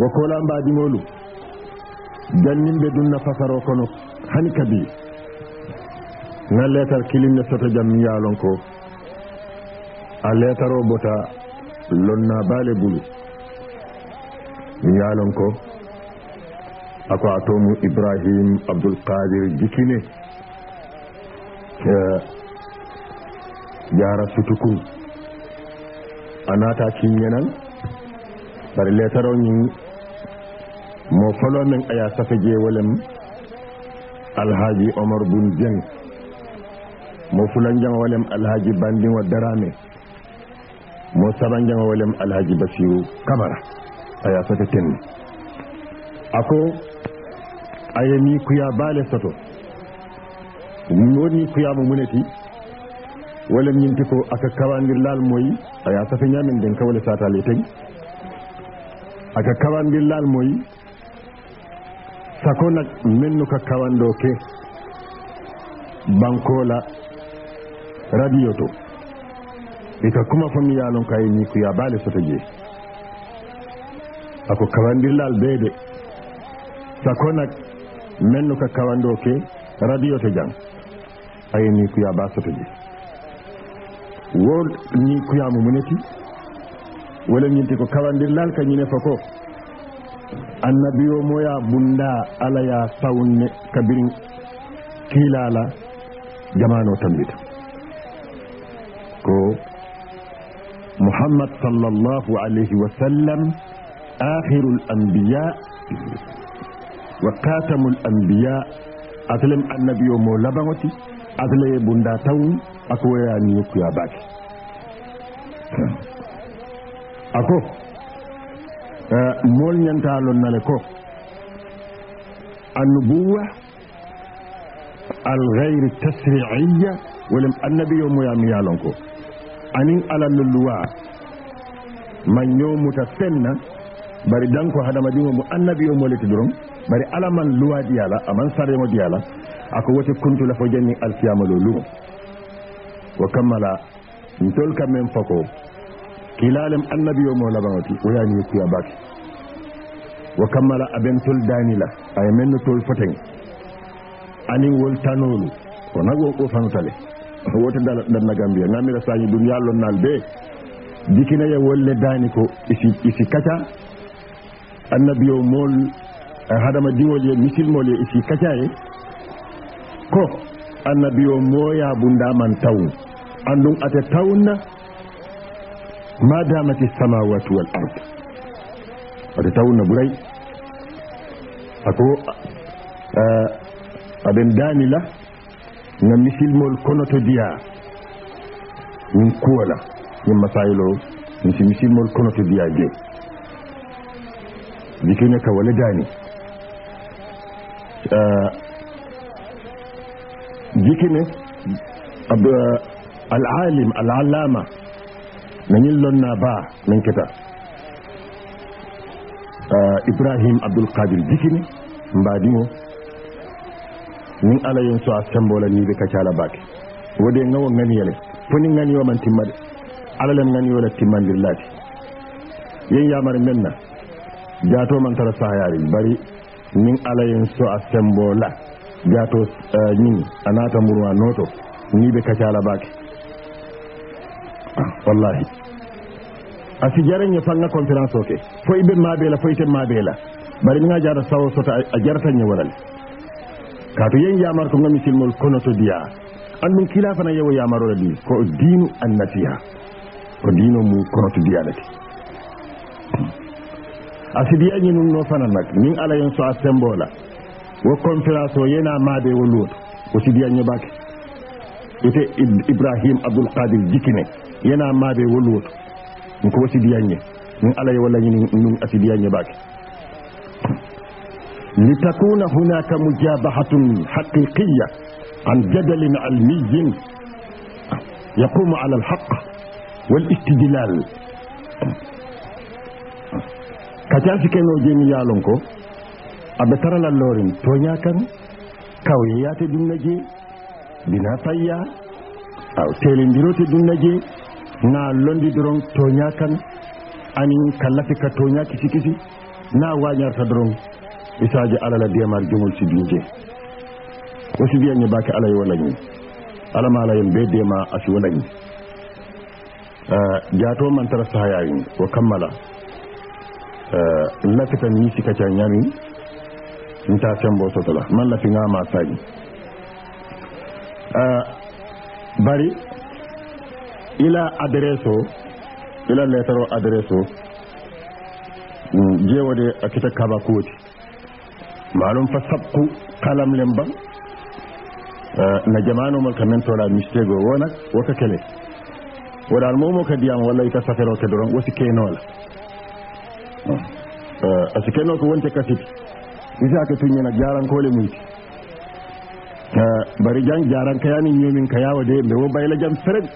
Wa kola mbaɗimolu janninɓe be dunna fasaro kono hani kadi na letar na soto jam yalon ko a letar bota lonna bale bulu yalon ko ako a ibrahim ibrahim qadir jikine jara sutuku a naata yanan par ta raunin mo a men aya safa je alhaji omar bin jeng mo fulan alhaji bandin darame mo saban jang wolem alhaji basiru kamara aya safa tenni ako ayami kuya bale soto woni kuyama muneti walin yin ko aka kawandir laal moyi aya safa ñamen den ka sata satal tegi a ka kawan dillal moyi sakona mennu ka bankola radio to ita kuma fomi yalon kayi ni ku ya bale ta je ako kawandirlal beede sakona sakonar minnu kawando doke radio to jam aye ni ku ya ba ta je wo ni ku ya mumuneti wala ñinti ko kawandirlal kañine ne ko annabiyo moya bunda ala ya sawne kabirin kilala jamano tambita ko muhammad sallallahu alayhi wa sallam akhirul anbiya wa katamul anbiya atlem annabiyo mo labaŋoti atle bunda tawn ya ni ya baki ako eh, ko mool ñantaalon nale ko annubuwa algayre tasriiya wolem annabi yo moyami yaalon ko anin alallo luwa ma ñoomuta fenna bari danko hadamadiŋo mo annabi yo moleti doron bari ala man luwa diyala aman sarremo diyala ako wote kuntula fo jenni alkiyama lo lumo kammala ntol kam men kilalem annabi wa molabaŋoti wo ye ñiŋ kuya ba wo wa kammala a ben tol daani la a ye meŋ nu tol foteŋ aniŋ wol tanoolu wo nago wo fansa le wote danna na ŋamira saañi duniya lonnaal bee jikina ye wol le dani ko isi kaca annabi mol mool hadama diŋol ye mol ye isi kaca ye ko annabi wa moya bunda man tawu andun ate na. ma damati samawati wal ard wata ta wuna a ako Abin danila na misilmol konoto diya yin kuwola yin masayilo min si misilmol konoto diya je jikine ka wala dani jikine al'alim al'alama nanyin lonna ba nan keta ah, ibrahim abdul qadir dikini mbadimo min ala yin so a sembola niɓe kacala bake wode gawo ganiyele foni ganiyoman timmade alalem ganiyola timmandirlade yen yamar menna man tara sahayari bari min ala yin so a sembola jato ñini ah, anata murwa noto ni niɓe kacala bake wallahi a sijaranya fanga conférence o fo fo bari sawo sota a jaratañe walal kato yen yamar ko gami silmol kono to an yewo ko dinu ko kono to a no fana nak min ala yen so wo o yena wo o ite ibrahim abdoul kadir jikine yana maɓe wolwoto ɗum ko wasidiyanñe min alay wallañi ɗum asidiyanñe baake litakuna hunaka mujabahatun haqiqiyya an jadalin almiyin yaqumu ala alhaq walistidlal kai sikeno jeni yaalon ko aɓe taralallorin toña kan kawyeyate ɗum na je bina aw telediroti ɗum na je na londi doron tonya kan ani kallafi ka tonya kisi kisi na ta doron isaji alala ndiyamar jomol sibin je o sibiyañe bake alaye walañi alamalayen be dema asi walañi eh, jato mantara sahayayin ko kammala eh, lafitan ni sika cañamin nta sembo tala man lafi ngama saji eh, bari ila adreso ila letaro adreso mm, je wode a kita kaba kuti malum fa sabku kalam lemba eh, na jamanu mal kamen tola mistego wona wota kele wala al momo ka diyam wala ita safero ke doron wosi a eh, eh, asi keno ko wonte kasiti isa ka na jaran kole muyti bari jang jaran kayani nyomin kayawa de be wo bayla jam fereg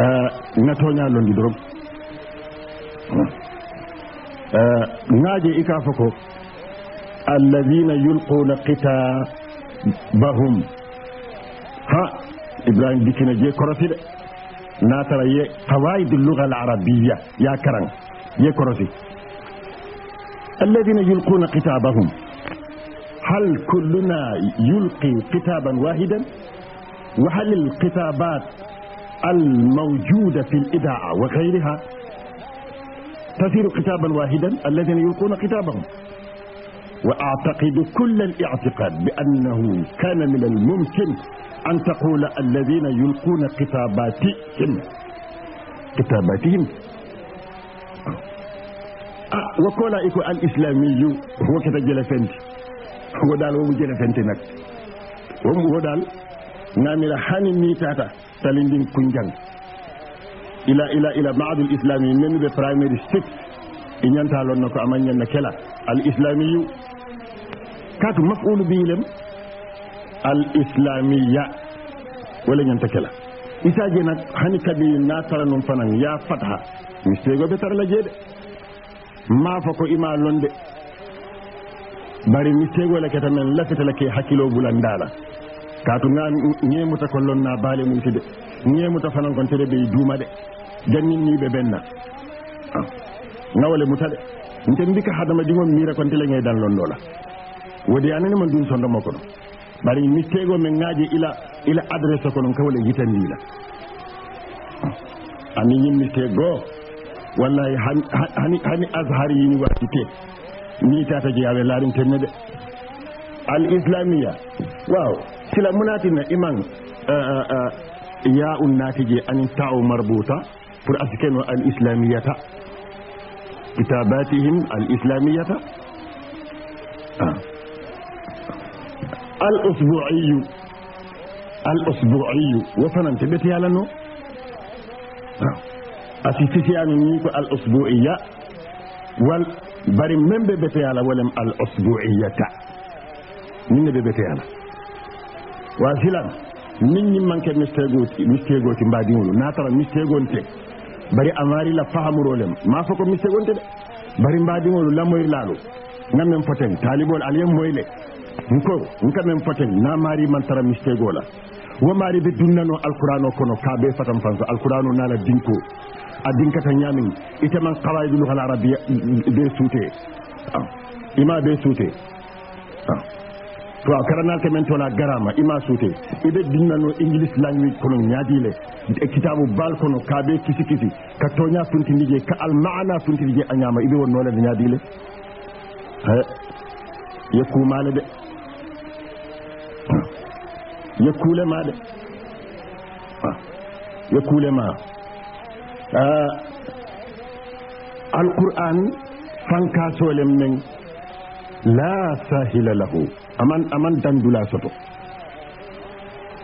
آه، نتونيا لوندي آه، ناجي إكافكو الذين يلقون قتابهم ها إبراهيم بكنا جي كرافيل ناترى يي قواعد اللغة العربية يا كرن يي كرافيل الذين يلقون قتابهم هل كلنا يلقي كتابا واحدا وهل القتابات الموجودة في الإذاعة وغيرها تثير كتابا واحدا الذين يلقون كتابهم وأعتقد كل الاعتقاد بأنه كان من الممكن أن تقول الذين يلقون كتاباتهم كتاباتهم أه وكولا إكو الإسلامي هو كذا جلفنت هو دال هو جلفنت نك هو دال نعمل حاني ميتاتا salindin kunjan ila ila ila ma'adul islami min be primary six inyanta lon nako amanyen na kela al islamiyu katu maf'ulu bi lem al islamiyya wala nyanta kela isaje nak hani kabi na tara fanan ya fatha mi sego be tarla la jede ma fa ko ima londe bari mi sego la ketamen la la ke hakilo bulandala katunga ñemuta kallon na baale mum tide ñemuta fanan kon tede ɓe duuma de jannin ni ɓe benna ah. ngawale muta de nten mbika hadama ɗi mom mira kon tele ngay dan londola wodi anani man dun sondomo kono bari mittego men ngaji ila ila adresse kono kawle yitandila ah. ani yimmirte goo wallahi hani ashar université ni tata jeyaɓe laarin tenne de al islamia waaw sila munatina iman ya'un natije anin ta'u marbuta pour asikeno al islamiyata kitabatihim al islamiyata al usbu'iyu al usbu'iyu wofanante ɓeti yalano asi sisiyanu ni ko al usbu'iya wal bari men ɓe ɓete yala walem al usbu'iyata min ne ɓe ɓete yala wa filan min ñi manque mistego mistego na tara mistego nte bari amari la rolem ma fo ko nte de bari la moy lamoyirlalu nga men foten talibol moy le nko nka men foten na mari man tara mistego la wa mari be dunnano alqur'ano kono ka be fatan fanso alqur'ano nala dinko a kata nyamin ite man qawaidulu hal arabia be suute ima be suute to a karana ke men tola garama ima sute ibe dinnano english language kono ñaadile e kitabu bal kono kaabe kisi kisi ka toña funtindi je ka al maana funtindi je a ñama ibe won ha ñaadile ku yekkumale de kule ma de kule ma alquran solem men la sahila lahu aman aman dan dula soto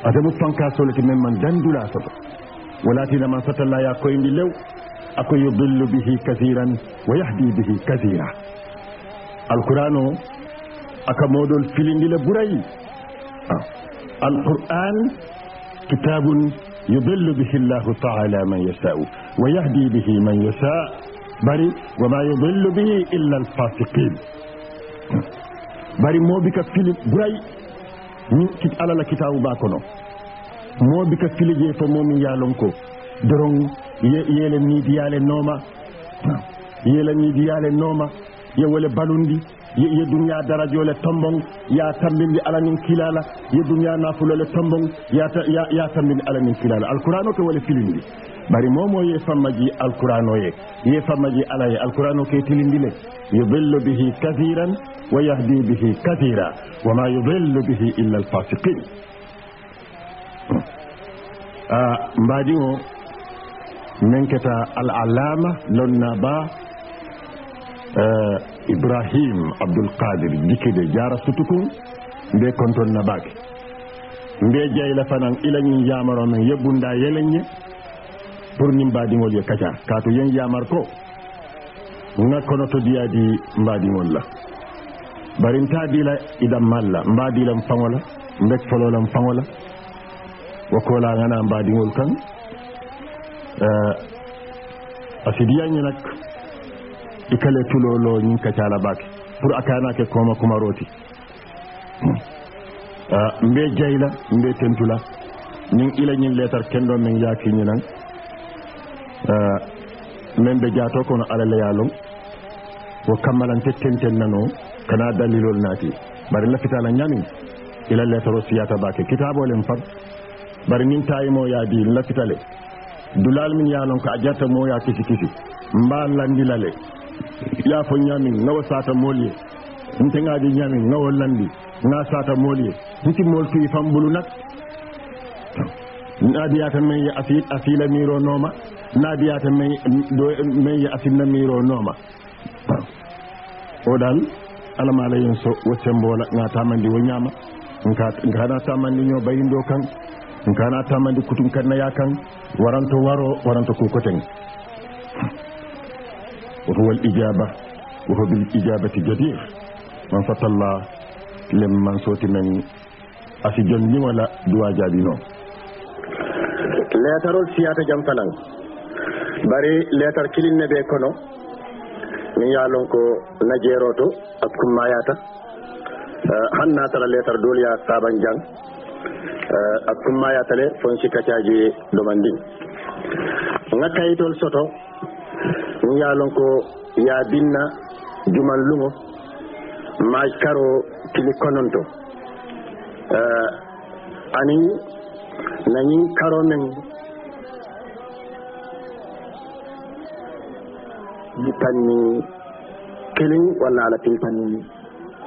adamu tanka solo ki men man dula soto walatina man satalla ya koy mi lew ako yubillu bihi kathiran wa yahdi bihi kathira alqur'anu o aka moɗon filindila ɓurayi alquran kitabun يضل به الله تعالى من يشاء ويهدي به من يشاء yasha وما يضل به الا الفاسقين bari ka fili ɓuray min alala kitabu ba kono ka fili je fo ya yalon ko doron yeele midiyale nooma di midiyale nooma ye wole balundi ye duniya jole tombon ya tambindi alamin kilala ye duniya le tombon ya tambindi alamin kilala alqur'an o ke wole filindi bari momo ye famaji alqur'an o ye ye famaji ala ye alqur'an o ke tilindi le yudillu bihi kathiran ويهدي به كثيرا وما يضل به إلا الفاسقين آه بعدين ننكتا العلامة لنبا آه إبراهيم عبد القادر ديكي جارة ستكون دي كنتون نباكي mbe jeyla fanan ilañin yamaro men yebbunda yelenñe pour nin mbadiŋol ye kaca kaatu yen yamar ko na kono to diyadi mbadiŋol la bari ta dila idan malla ba dila fangola mbek folola fangola kola ngana di dingol kan eh, asidiya ni nak ikale tulolo ni ka tala bak pour akana ke koma kuma roti eh, mbe jayla mbe tentula ni ila nyin letar kendo min yaki ni nan eh, men be jato kono alala yalum wo kamalan tettenten nano kanaadda liloolnaati bari lafitaa na nyaami ilalle toro siyata baake kitaabolen fab bari nin taayimo yaadi lafitale dulal min yaalon ko a jarta mo ya kisi kisi mba landilale ya fo ñamin ngawa sata moolye nteŋaaji ñamin ngawo landi nga sata moolye nti mool tuyi fam bulu nak naadiyata men ye asi asila miro nooma naadiyata men men ye asinna miro nooma o dal alamala yen so wottembo wala ga tamandi wo ñama gana tamandi ño bayindo kan gana tamandi kutum kannaya kan waranta waro waranto kukoten وهو الإجابة وهو بالإجابة جدير من فتى الله لمن صوت من أسجن ولا دوا جابينو letarol siyata jam fanan bari letar kilinne be kono min yalon ko najeroto akkum mayata eh, na tara letar dol ya saban jang eh, akkum mayata le fon ci kacaji mandi nga dol soto min yalon ko ya binna juman lungo ma karo kili kononto eh, ani nanyin karo min بطني كلين ولا على تلتني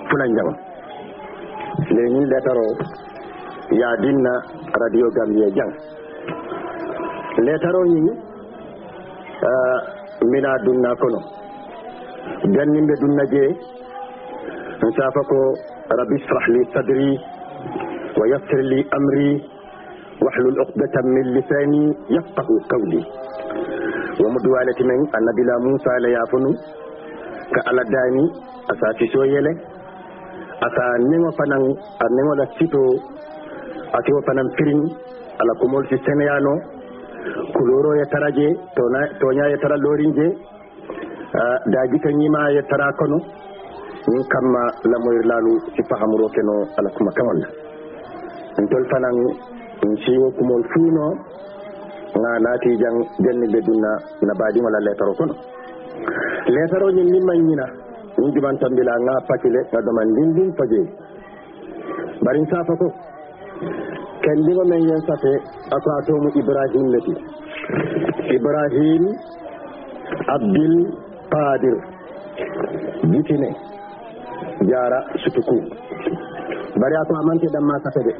فلان جوا لترو يا دينا راديو غامبيا جان لترو ني ا كونو جان ني دونا جي نسافكو ربي اشرح لي صدري ويسر لي امري واحلل عقدة من لساني يفقه قولي wa mu duwale ti annabi la musa la ya funu ka ala a asa so yele asa nemo fanan a nemo la sito ati wo fanan firin ala kumol si seneyano kuloro ye tara je toña ye tara lorin je dajita ñima ya tara kono min kamma lamoyir lalu si fahamuro keno ala kuma kawalla ntol fanan in siwo kumol fuuno na naati jan janni ɓedunna na baadi wala lettare o kono lettare oñin min mayñina min jumantambila nga pakile nga doman ndindin fajeyi mbarin safa ko ken ndigo men yen safe ako atomu ibrahime meti ibrahim abdil padir jitine jara sutuku bari ako amante ɗamma safe de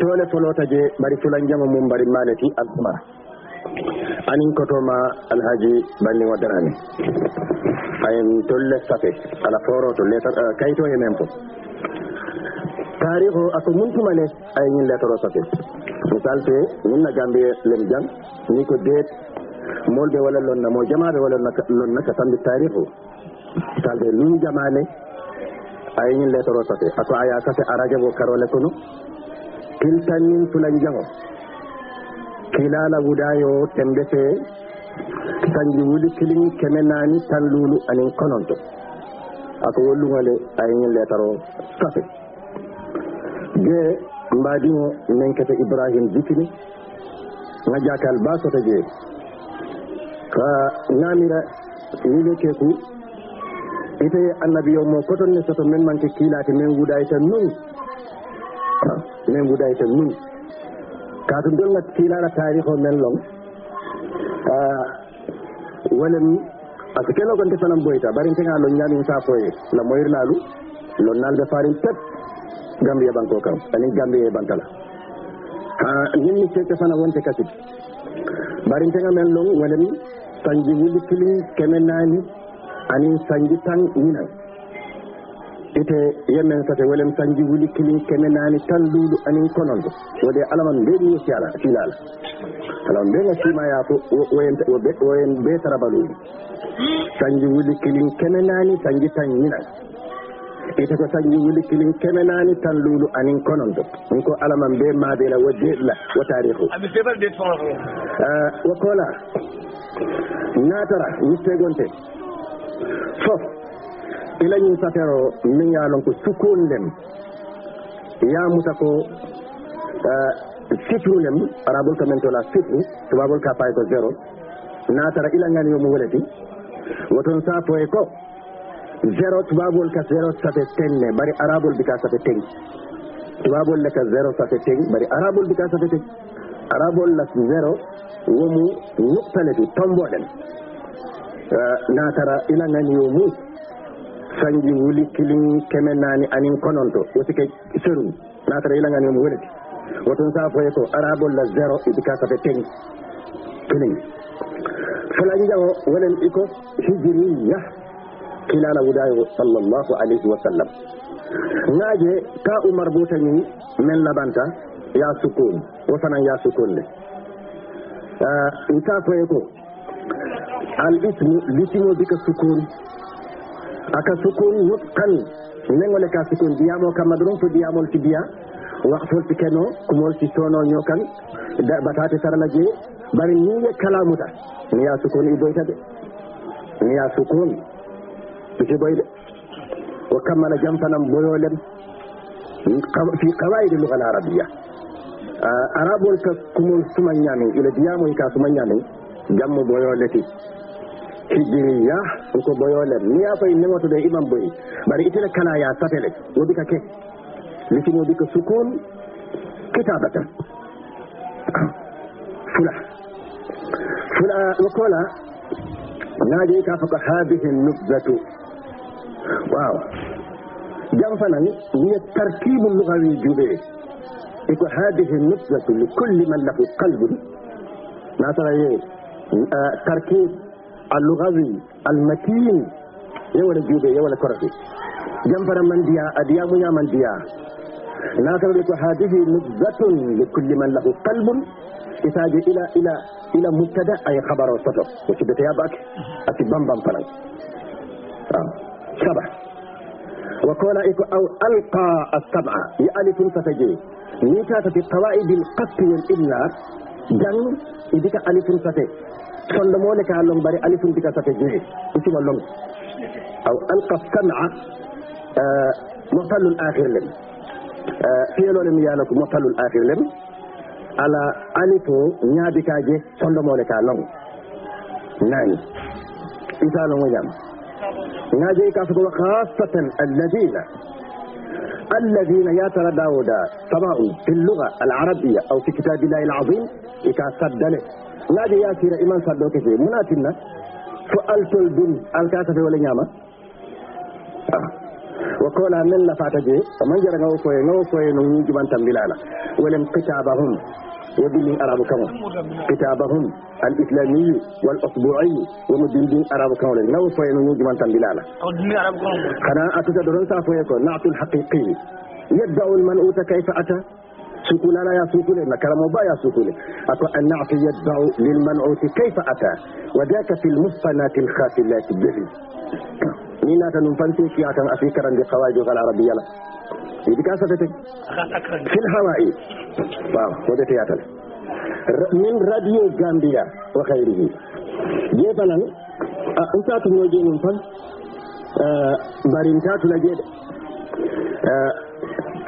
tole tolota je mbari fulanjama mum mbari maneti alkumara anin kotoma alhaji bandigo darani ayen tol lestate ala foroto eh, kayito he men fo tarihu ako muntuma les ayñin letoro sate misal te ñinna gambie lem jang ni ko deet molɓe wala lonna mo jamaɓe wala lonna ka tambi tarihu talde lumi jamane ayñin letoro sate ako aya sate a radio bo karole kono kiltanmin tulanjango kilala wudayo tembete sanji wuli kilin keme nani tan lulu anin kononto ako wollugale ayiñin letaro safe je mbadiŋo menkete ibrahim bikini ŋajakal ba sota je ka namira yile keku ite annabiyo mo koton ne soto men manke kilate men wudayta nuŋ lengudayta min kaatu dolga kiilala taarih o men long wolem a ce que ta sanan boyta barintenga lon ñamin sa foye na moyirlaalu lon naal da farin Gambe gambiya banko kam anin gambiya bankala ha nin ce ta fana wonte kasib barintenga men long wolem sanji wuli kili kemen nani ani sanji tan ñinan ite yemen sate welem sanji wuli kili keme nani tan luulu anin kononde wode alaman mbeɗi yetti ala filaala alaman mbeɗa simaya fo woyen be tarabaluuɗi sanji wuli kili keme nani sanji tan ñinan ite ko sanji wuli kili keme nani tan luulu anin kononde ɗum ko alaman mbe maabela wo deɗla wo tarihu eh, wo kola natara yittegonte fof ilañin safero min ya lon ko sukun dem ya muta ko eh, fitru nem arabul kamen to la fitru tubabul ka pay ko zero na tara ilangan yo mu wolati woton sa fo ko zero tubabul ka zero safe tenne bari arabul bika safe ten la ka zero safe ten bari arabul bika safe ten arabol la zero womu nuppaleti tomboɗen eh, na tara ilangan yo mu sanji wuli kilin keme nani anin kononto wotike seru natara ilangani mo welati woton sa foye ko arabol la zero ibi kasafe teñ kilin fulan jango wonen iko hijiriya kilala wudayo sallallahu alayhi wa sallam ngaje ka umar buta ni men labanta ya sukun wo fanan ya sukun le uh, ita foye ko al ismu litimo bika sukun aka sukun ne nengole ka sukun diyamo kamma madrum to diyamol ti diya waktol ti keno kumol tono nyokan da batati sarala je bari ni niye kalamuta ya sukun i boyta de ya sukun je boyde wo kammana jamfanan boyolem fi qawaidi lugal arabiyya ah, arabol ka kumol sumanyani ila diyamoy ka sumañamin jammo boyoleti tigirinya ko boyolem ni ya fay nemoto da imam boy bari itele kana ya satele wodi ka ke likin wodi ka sukun kitabata fula fula wakola na je ka faka hadhihi nubzatu wow jam nan ni tarkibu lughawi jube iko hadhihi nubzatu li kulli man lahu qalbun na tara ye eh, tartib اللغوي المتين ولا جوبي ولا كرفي جنفر من ديا أديا ميا من ديا ناكر لك هذه نبذة لكل من له قلب إتاج إلى إلى إلى مبتدا أي خبر وصدق وشبت يا باك بام بام فلان سبع آه، وقال إيكو أو ألقى السبع يألف فتجي نيكا تتطوائي بالقط والإبنار جن إذيك ألف فتجي sondo mo le ka long bari alifun tika sa tejne ci ma long aw الآخر لم آه، في لولم يالك مثل الآخر لم على ألف نيابكا جي صندو مولكا لون نعم إنسان ويام ناجي كافر خاصة الذين الذين يا ترى داود سواء في اللغة العربية أو في كتاب الله العظيم إذا صدنه laajo yaakira iman saddo ke fe muna na fo altol dun alkaka wala ñama ah. wa kola men lafata je man jara ngawo koye ngawo koye no ñijuman tambilala walen kitabahum ودين أراب كمان كتابهم الإسلامي والأسبوعي ومدين دين أراب كمان نو فين نجمان تنبلانا ودين أراب كمان قناة أتسدرون سافويكو نعت الحقيقي man المنؤوس كيف ata. سكون لا يسكون إن كلام با يسكون أقول أن نعطي يتبع للمنعوت كيف أتى وذاك في المحصنات الخاسلات الدهي مين أتنم في يعتم أفكرا بقواجه العربية لا كان ستتك في الهواء واو ودت يعتم من راديو جامبيا وخيره جيبنا أنت أتنم وجه من فان برينتات لجيد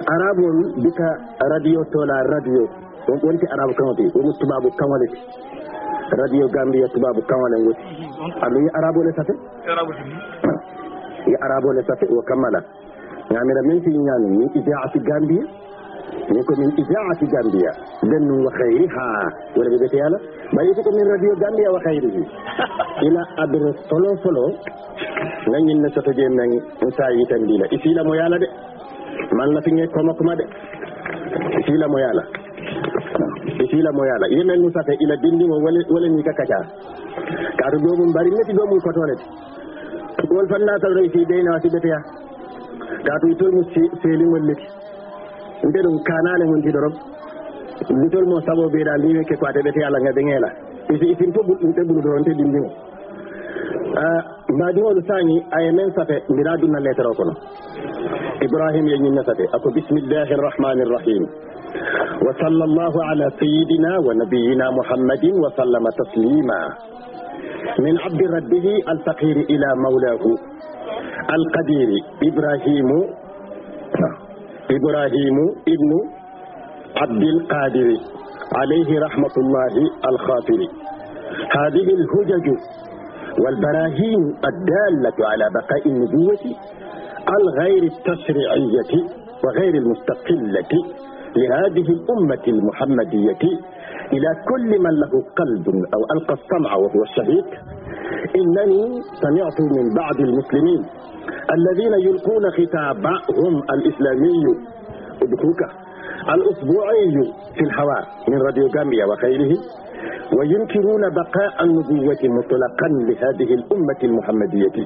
arabe on mbita radio tola radio on wonti arabe kamaɓe woni tubabo kamalete radio gambia tubabo kamale goti allo yi arabe ole safe yi arabe ole safe wo kammala ñamira min si ñami min idaati gambia min komin idaati gambia ndennu waxayri ha wala ɓeɓete ala mayiti komin radio gambia waxayri i ila adres folo folo nañinne soto je men sa yitandila i fiilamo yaala de mallatine ko makko ma de filamo yaala filamo yaala yimen nu safe ila dindimo walani ka kaca kato domum mbari neti domum kotonete gol fan natal roy si deynawa si ɓeteya kato itolmu selingol leti mbeɗum kanane gon jiɗorom litolmo sabo beeɗa liweke ko ate ɓeteya langa ɓe ngeela isin fo ɓuɗɗum ɓeɓɓuɗo toronte dindimo baadiŋolu saañi a ye meŋ safe mbiraa dunna leetero kono ibrahim ye ñinna safe ako bisimillahi arrahmani irrahim wa sall allahu ala sayidina wa nabiyina muhammadin wa sallama taslima min abdi rabbihi alfaqiri ila mawlahu alqadiri ibrahimu ibrahimu ibnu abdilqadiri عليه رحمة الله الخاطر هذه الهجج والبراهين الدالة على بقاء النبوة الغير التشريعية وغير المستقلة لهذه الأمة المحمدية إلى كل من له قلب أو ألقى السمع وهو الشهيد إنني سمعت من بعض المسلمين الذين يلقون خطابهم الإسلامي أدخوك الأسبوعي في الهواء من راديو جامبيا وغيره وينكرون بقاء النبوة مطلقا لهذه الأمة المحمدية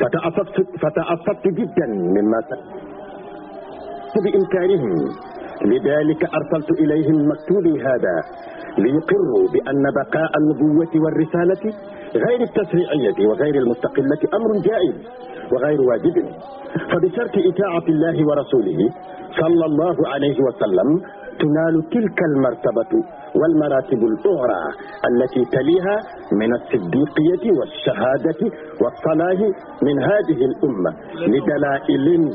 فتأصفت, فتأصفت جدا مما بإنكارهم لذلك أرسلت إليهم مكتوبي هذا ليقروا بأن بقاء النبوة والرسالة غير التشريعية وغير المستقلة أمر جائز وغير واجب فبشرط إطاعة الله ورسوله صلى الله عليه وسلم تنال تلك المرتبة والمراتب الأخرى التي تليها من الصديقية والشهادة والصلاح من هذه الأمة لدلائل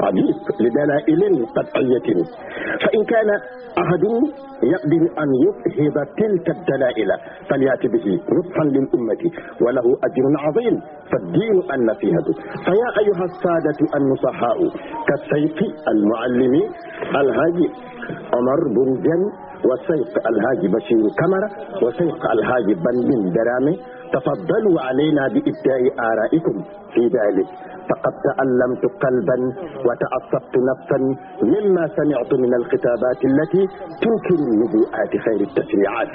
عجيب لدلائل قطعية فإن كان أحد يقدر أن يفهد تلك الدلائل فليأتي به نصحا للأمة وله أجر عظيم فالدين أن فيا أيها السادة النصحاء كالسيف المعلم الهادي عمر جن وسيق الهاج بشير كمرة وسيق الهاج بن درامي تفضلوا علينا بإبداء آرائكم في ذلك فقد تألمت قلبا وتعصبت نفسا مما سمعت من الخطابات التي تنكر النبوءات خير التشريعات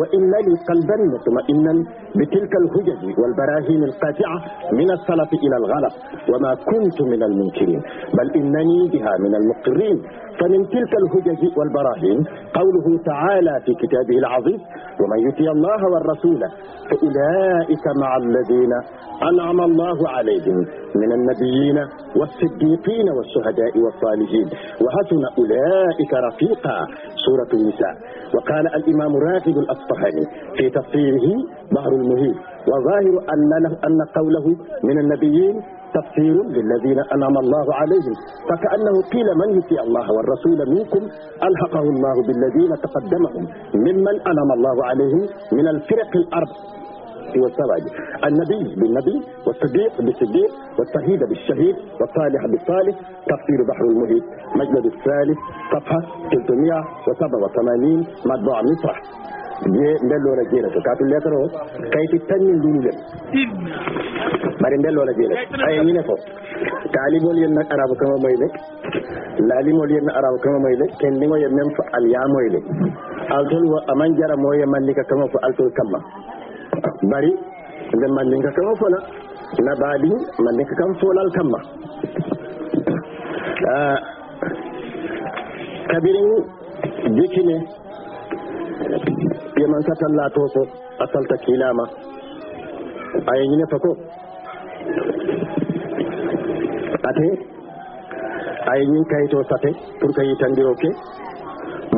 وإن لي قلبا مطمئنا بتلك الهجج والبراهين القاطعة من السلف إلى الغلط وما كنت من المنكرين بل إنني بها من المقرين فمن تلك الهجج والبراهين قوله تعالى في كتابه العظيم ومن يطيع الله والرسول فأولئك مع الذين أنعم الله الله عليهم من النبيين والصديقين والشهداء والصالحين وهزم أولئك رفيقا سورة النساء وقال الإمام راغب الأصفهاني في تفسيره بحر المهيب وظاهر أن, له أن قوله من النبيين تفسير للذين أنعم الله عليهم فكأنه قيل من يطيع الله والرسول منكم ألحقه الله بالذين تقدمهم ممن أنعم الله عليهم من الفرق الأربع والسراج النبي بالنبي والصديق بالصديق والشهيد بالشهيد والصالح بالصالح تفسير بحر المحيط مجلد الثالث صفحه 387 مطبوع مصرح جي ندلو رجيلة كاتو اللي أترو كي تتنين دون جم مري ندلو رجيلة أي أمين أفو كالي بول ين أرابو كما ميلك لالي مول ين أرابو كما ميلك كن نمو ين ننفع اليام ميلك ألتول أمان جارة مو ين من لك كما فو ألتول كما bari nden mandinka na fona labadi mandinka kan folal kamma ah, kabirin jikine yeman satalla to ko asalta kilama na fako ate ayeyin kayito sate pour ka yitandiro ke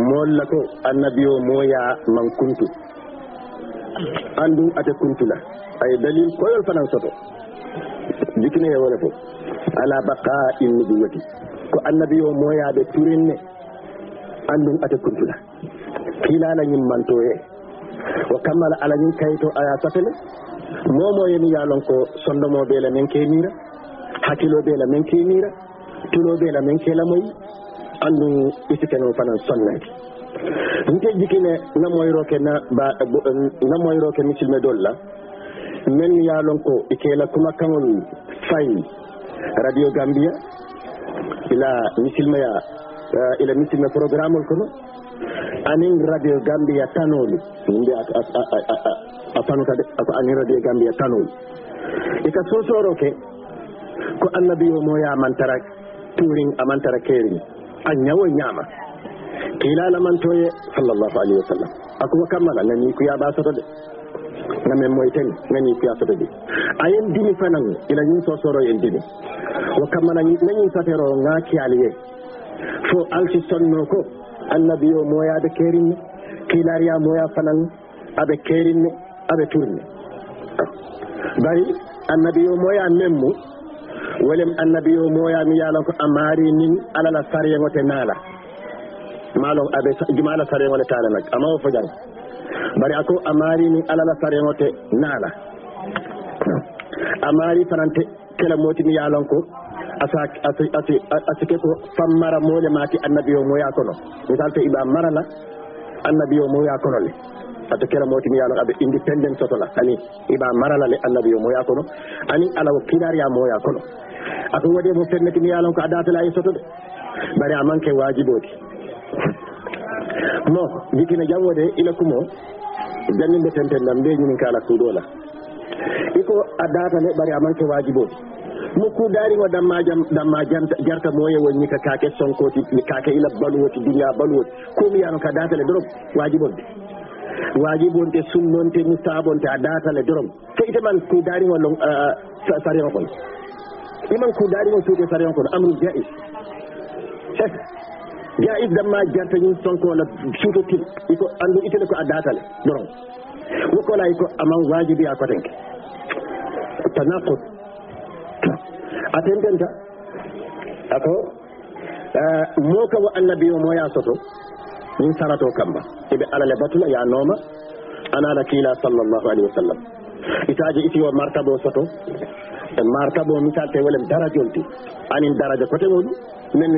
molla ko annabi o moya mankuntu andu ate kuntula ay dalil koyol fanan soto jikine hewole fo ala baqa innubuwati ko annabi o moyaɓe turinne andun ate kuntula kilalañin mantoye o kammala alañin kayito aya safele momo yemi yalon ko sondomo bela men kemira hakkilo bela men kemira tulo bela men kelamoyi andu isikeno fanan sonnaki nte jikine ne na na ba na namoyroke misilme dol la men ya lon ko ikela kuma kanon fay radio gambia ila ya ila misilme programme ol no anin radio gambia tanoli mbi a fanuta de ko anin radio gambia tanoli ika roke ko annabi yo mo yamantara turin amantara kering a ñawo ñama ke ilalamantoye sallllahu alihi wa sallam akuma kammala nani ko yaaba sotode namen moyten nani ko ya sotode a yen dimi fanan ila ñin sosoro yen dimi wa kammala nani safeero ngakiyaliye fo alsistonno ko annabi yo moyaɓe keerinne kilariya moya fanan aɓe keerinne aɓe turne bari annabi yo moya men mu welem annabi yo moya mi yalan ko a maari nin alala sariyengote naala maalo aɓe jumaala sarego le taala nag amao fojan bari ako a maarini alala sarego te naala a maari fanante kela mootini yaalon ko a sike ko fammara moole maati annabi o mo ya kono misal te iɓa mara la annabi o mo ya kono le ato kela mootini yaalon aɓe independent soto la ani iɓa mara la le annabi o mo ya kono ani ala o kinariya mo ya kono ako waɗi mo fennetini yaalon ko a daatala e soto de bari a manque wajibooti no jikina jangode ila kumo janninde tentendam nde ñumin kala suuɗola iko a ne bari amanke wajibo mo kudarigo damma jam damma jarta moye wonni ka kake sonkoti kake ila baluwoti duniya baluwoti komi yano ka datale dorom wajibon wajibonte sunnonte te a man ku te iteman kudarigo lon uh, sarion man iman kudarigo suuɗe sarion kon amru jais jaayif dama jarta ñin sonko la suututti iko andu itele ko addatale doron wokolay ko aman wajibi a kotenke tanaqud aten denta ako moka wo annabi o moya soto min sarato kamba eɓe alale batula ya nooma anala kiila sallllahu alayhi wa sallam itaji wa martabo soto e martabo misal te welem darajolti anin daraja kote muɗum men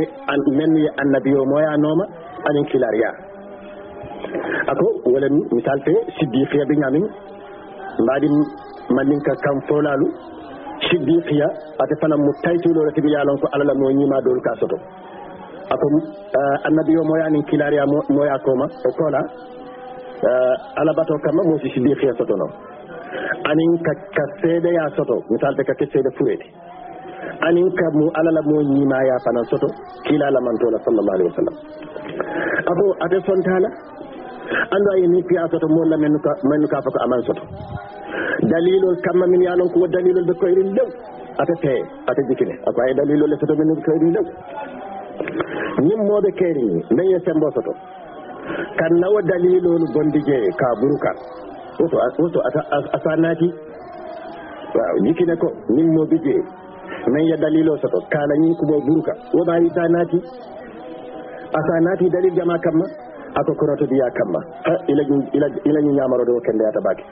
annabiyo Noma anin kilariya ako wala misal fe siddi fiya be ñamin mbaɗi manin ka kam folalu Sidi fiya ate fana mu taytulole tiɓi yalon ko alala mo nyima dol ka soto ako eh, annabiyo anin kilariya moya koma o kola eh, Ala alabato si Sidi siddi fiya no anin ka ka ya soto misal te ka ke seede furede anin ka mu alala yi ma ya fana soto kila la man tola sallallahu alaihi wasallam abo ade son tala ando ay ni piya soto mo la men ka men ka fako aman soto dalilul kamma min yalon ko dalilul be ko irin lew ata te ata jikine ako ay dalilul le soto men ko irin lew ñim mo be keri ne ye sembo soto kan wa dalilul gondije ka buruka woto woto ata asanati waaw jikine ko nim mo bije ya dalilo soto kala ñin kubo buruka wo ɓawi sa naati asa naati dalil jama kamma ako koroto diya kamma ha ilañu ñamarode wo kende yata baake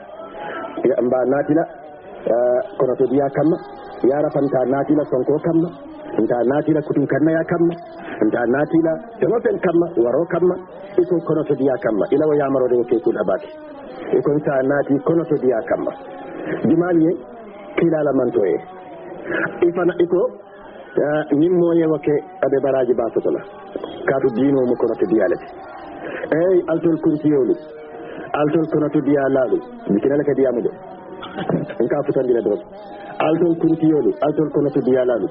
mba naatila koroto diya kamma yara fanta naatila sonko kamma nta naatila kutum kannaya kamma nta naatila temo fen kamma waro kamma ikon konoto diya kamma ilawo yamarode wo ke da baki iko sa naati kurato biya kamma jumali ye kiilala manto ye i fana i ko ñim moƴewa ke aɓe baraji basotola kaatu diinomo kono to diyale eyyi altol kurtiyowlu altol kono to diya Kina la ka diyamude en ka futandira doom altol kurtiyolu altol kono to diya bi.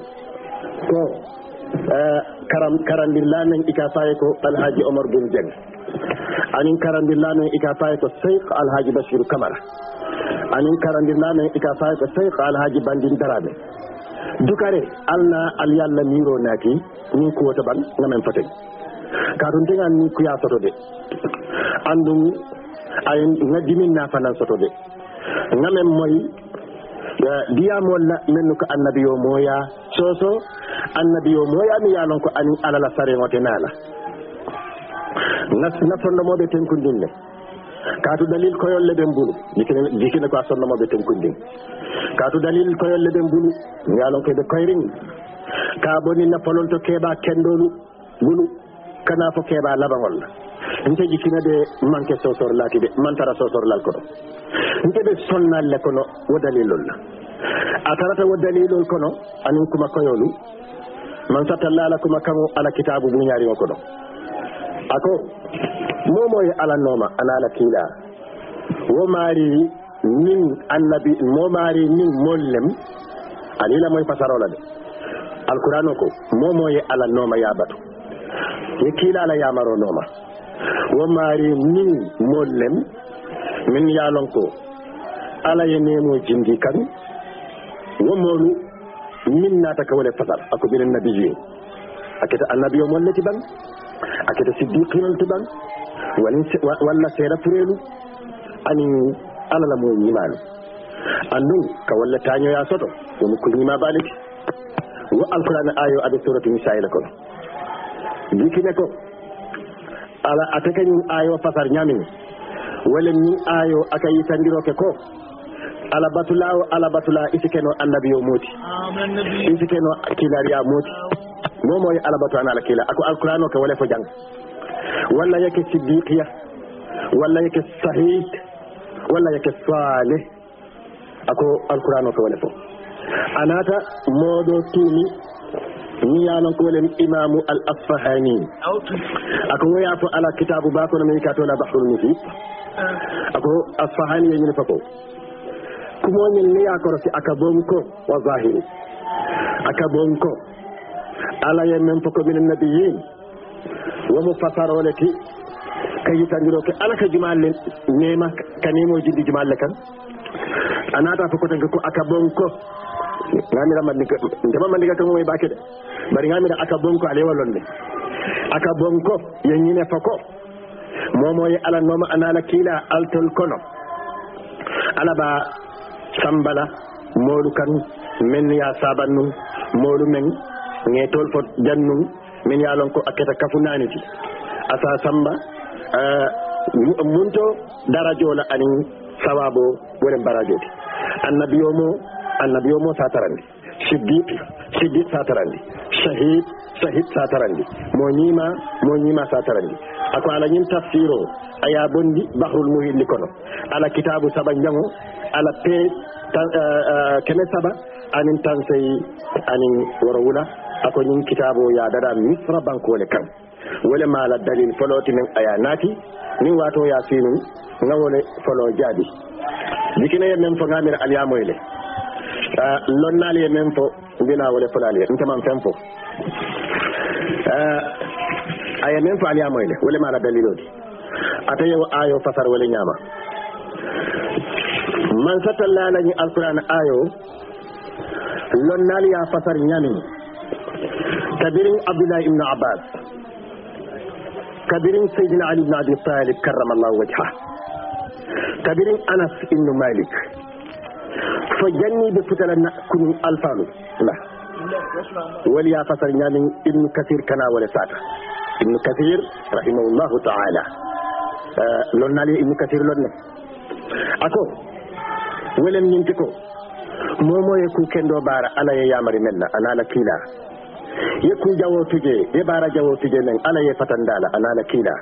ko karam karandirlamen ika faye ko alhaji omar bun dieng anin karandirlamen ika faye ko seykh alhaji basiru camara anin karandirlamen ika faye ko seykh alhaji bandin darabe dukare alna alyallah miro naati min kuwota ban namen foten ka ɗum degan ni kuya sotode andum ayi naddimin nafanan sotode namen moyi e, diyamolla menno ko annabi yo moya soso annabi yo moyami yalon ko ani alala sarengote nala nas nafondomoɓe tenkundinne dalil katuɗalil koyolleɗen mbulu jikine ko a sonnomo ɓe tenkunden katuɗalil koyolleɗen mbulu ñalon koyɓe koyrin ka boni nappalon to keeɓa kendolu bulu kana fo keeɓa labagol nte jikina de manque sosorlaki de mantara sosorlal kono nteɓe sonnalle kono wo dalilol a tarata wo dalilol kono anin kuma koyolu man sattalla ala kuma kamo ala kitabu buñari o kono ako ala momoy ana anala kiila wo maari nin annabi mo maari nin mollem la moy fasarola de alquran o ko momoye alanoma yabatu ye kiilala yamaro noma wo maari nin mollem min ya lon ko ala ye nemo jindi kan wo molu min nata ka wole fasar ako binen nabiyo aketa annabi o molleti ban akete siddi kinantu ɗan walla seeɗa pureelu ani alala mum ñimaani andun ka walla tañoya soto woni ko ñima baaliki wo alqurana ayo aɓe suratu misaila kon ne ko ala ate kañum ayo fasar ñamin wala min ayo aka yitandiroke ko ala batula o ala batula isikeno annabi yo mooti isikeno kilariya mooti mo moy alabatu ala kila ako alqur'ano ko wala fo jang wala yake siddiqiya wala yake sahih wala yake salih ako alqur'ano ko wala fo anata modo moɗo tumi ñiyalon ko len imamu al asfahani ako woya fo ala kitabu bakono to la bahrul musib ako asfahani ni yeñini fa ko ya ko si aka bonko wa zahiri aka bonko alayen men poko min nabiyin womo walati kay kayitandiro ke ala ka jumalle nema kanimo jindi le kan a naata fo kotenke ko aka bonko gamira dama ndema mandiga kan moy de bari gamira aka bonko ale wallonde aka bonko foko. fako ye ala noma anala kila altul kono ala ba sambala molu kan men ya sabannu molu men ge tol fo jannum min yalon ko akketa kafunaniti asa samba eh, munto daradiola ani sawabo wone baradiodi annabiyomo annabiyomo satarandi siddiq siddiq satarandi shahid shahid satarandi mo ñima mo ñima satarandi ako ala ñin tafsire o aya bondi bahrul muhilli kono ala kitabu saba jango ala pe eh, eh, kene saba anin tansey anin woro wula akoñin kitabo dara misra bankole kan wole mala dalil faloti min aya ni wato ya sinum gawole folo jaabi jikina ye men fo gamira aliyamoyle lonnaali ye men fo mbina wole folaali ye ntaman fen fo aye men fo aliyamoyle wole mala dalilodi ata yewo ayo fasar wole nyama man lañi alqur'an ayo lonnaali ya fasar ñamini كبيرين عبد الله بن عباس كبيرين سيدنا علي بن ابي طالب كرم الله وجهه كبيرين انس بن مالك فجني بفتلنا كن الفان لا وليا فسر نامن ابن كثير كنا ولا ابن كثير رحمه الله تعالى أه لون علي ابن كثير لون اكو ولم ينتكو momo ye ku kendo bara ala ya yamari menna jawo tuje ya bara tuje nan ala ya ye fatandala anala kila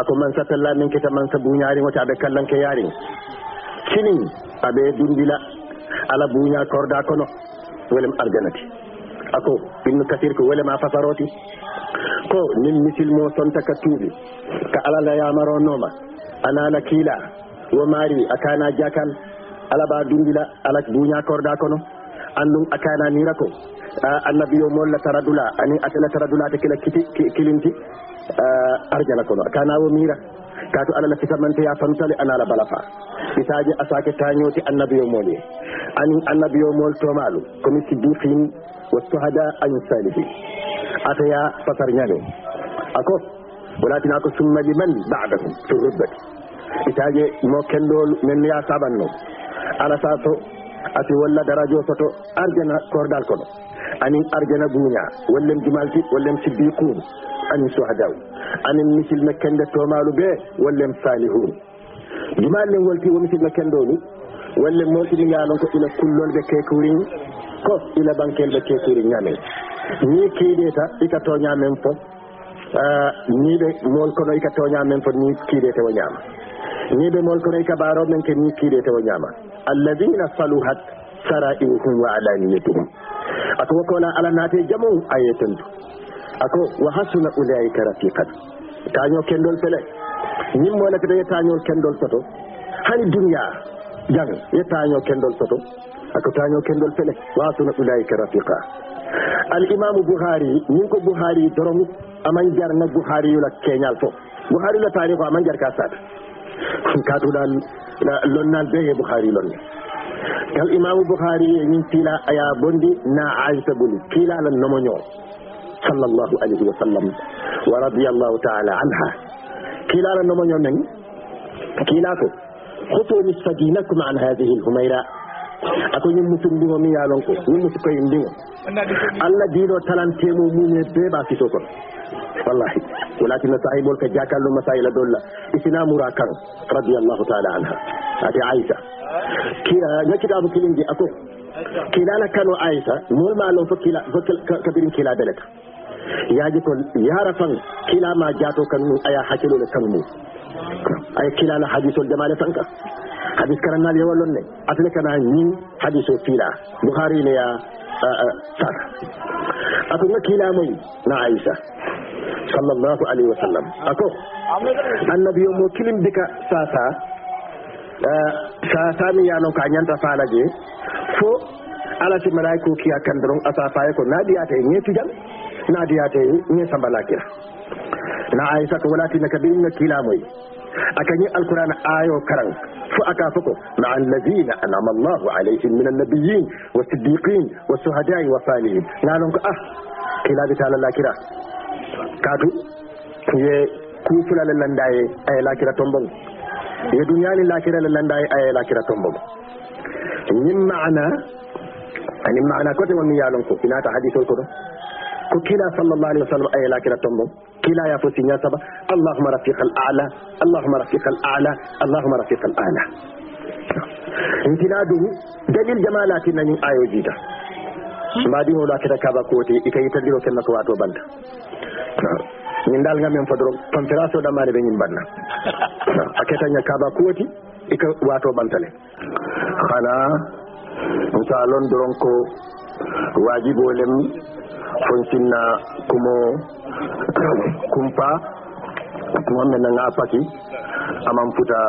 ako mansa pella min kita mansa wata wote aɓe kallanke yarin kinin abe dundila ala bunya korda kono welem arganati ako bin kasir ko welema afasaroti ko nin misilmo sonta ka tuuɓi ka alala yamaronoma anala kiila wo mari a kana jakan ala ba dundila ala bunya korda kono andum a kana nira annabiyo molla taradula ani atela taradulate kila kilinti arjana kono kanawo mira kaatu ala la fitamanteya fantale isaje asake ani annabiyo mol tomalu komi siddiqin wa suhada an salihin ataya fasar ako summa liman fi itaje mo kendol men ya sabanno ala ati darajo soto arjana kordal kono anin argana buña wallem dimalti wallem siddi kun anin sohadaw anin misilma kende tomalu ɓe wallem salihun jumallem walti wo misilma kendoni wallem mawtiɗi galon ko ila be kekurin ko ila be kekurin nyame. ni kideta ika to toñamen fof ah, niɓe mol kono ika to toñamen fof ni kiiɗete wo Ni be mol kono ika baro men ke ni kiiɗete wo ñama alladina saluhat sara'ihum wa alaniyatuhum aka waka ala na ta jamu a yi tun aka wa hasu na ula yi kara fi kan ta yi mo na fidai ta yi ken don sato hani duniya jan ya ta yi ken don sato aka ta yi ken don wa hasu na ula yi kara fi al imamu buhari yin ko buhari dorom a man jar na buhari yula kenyal fo buhari la tarihu a man jar ka sa ka tu lonnal be buhari lonnal el imamu bukhari ni tila aya bondi na aisha la piilala ñoo sallallahu alayhi wa sallam wa radiyallahu taala anha kiilala ñoo men tila ko khutu misfadinakum an hadhihi al humayra ako ñin musu ndiŋo mi yaalon ko ñin musu koye ndiŋo allah diiɗo talantemo muñe beeɓa fito ko wallahi walakin sahibul ka jakalu masaila dolla Isina kan radiyallahu taala anha ate aisha kila nyakita abu kilin je ako kila na kano aisha mol malo fo kila fo kabirin kila dalaka ji ko yara fan kila ma jato kan aya hakilo le kanmu ay kila na da jamal fanka hadis karan na yawal lonne atle kana ni hadisu Kila. bukhari ne ya sar ato kila mai na aisha sallallahu alaihi wasallam ako annabi yo mo kilin bika sasa Eh, sa sami yano ka ta fa je fo ala ti ko ki akan dorong asa fa ko nadi ti nye nadiya ta ate nye sambala kira na aisha ko walati na kabin na kila moy akan yi alkurana ayo karan fu aka fuko na allazina an'ama Allah alaihim min annabiyyin wa siddiqin wa salihin na lon ko ah kila bi ta lalla kira kadu ye ku fulalen landaye ay lakira tombon የዱንያን ላኪረ ለለንዳይ አይ ላኪረ ተምቦም እኝም ማዕና ani maana kote won yalon ko inata hadithu ko ko kila sallallahu alaihi wasallam ay lakira tombo kila ya fo sinya saba allahumma rafiq al a'la allahumma rafiq al a'la allahumma rafiq al a'la intinadu dalil jamalati nan ayoji da madi ho lakira kaba kote ita yi tadiro kan ko wato banda min dal min fodoro conférence da mari ɓe ñim banna aketa nya kaba kuwoti ika wato bantale hana mi salon doron ko wajibolem fonsinna kumo kumpa tumamme nanga paki aman futa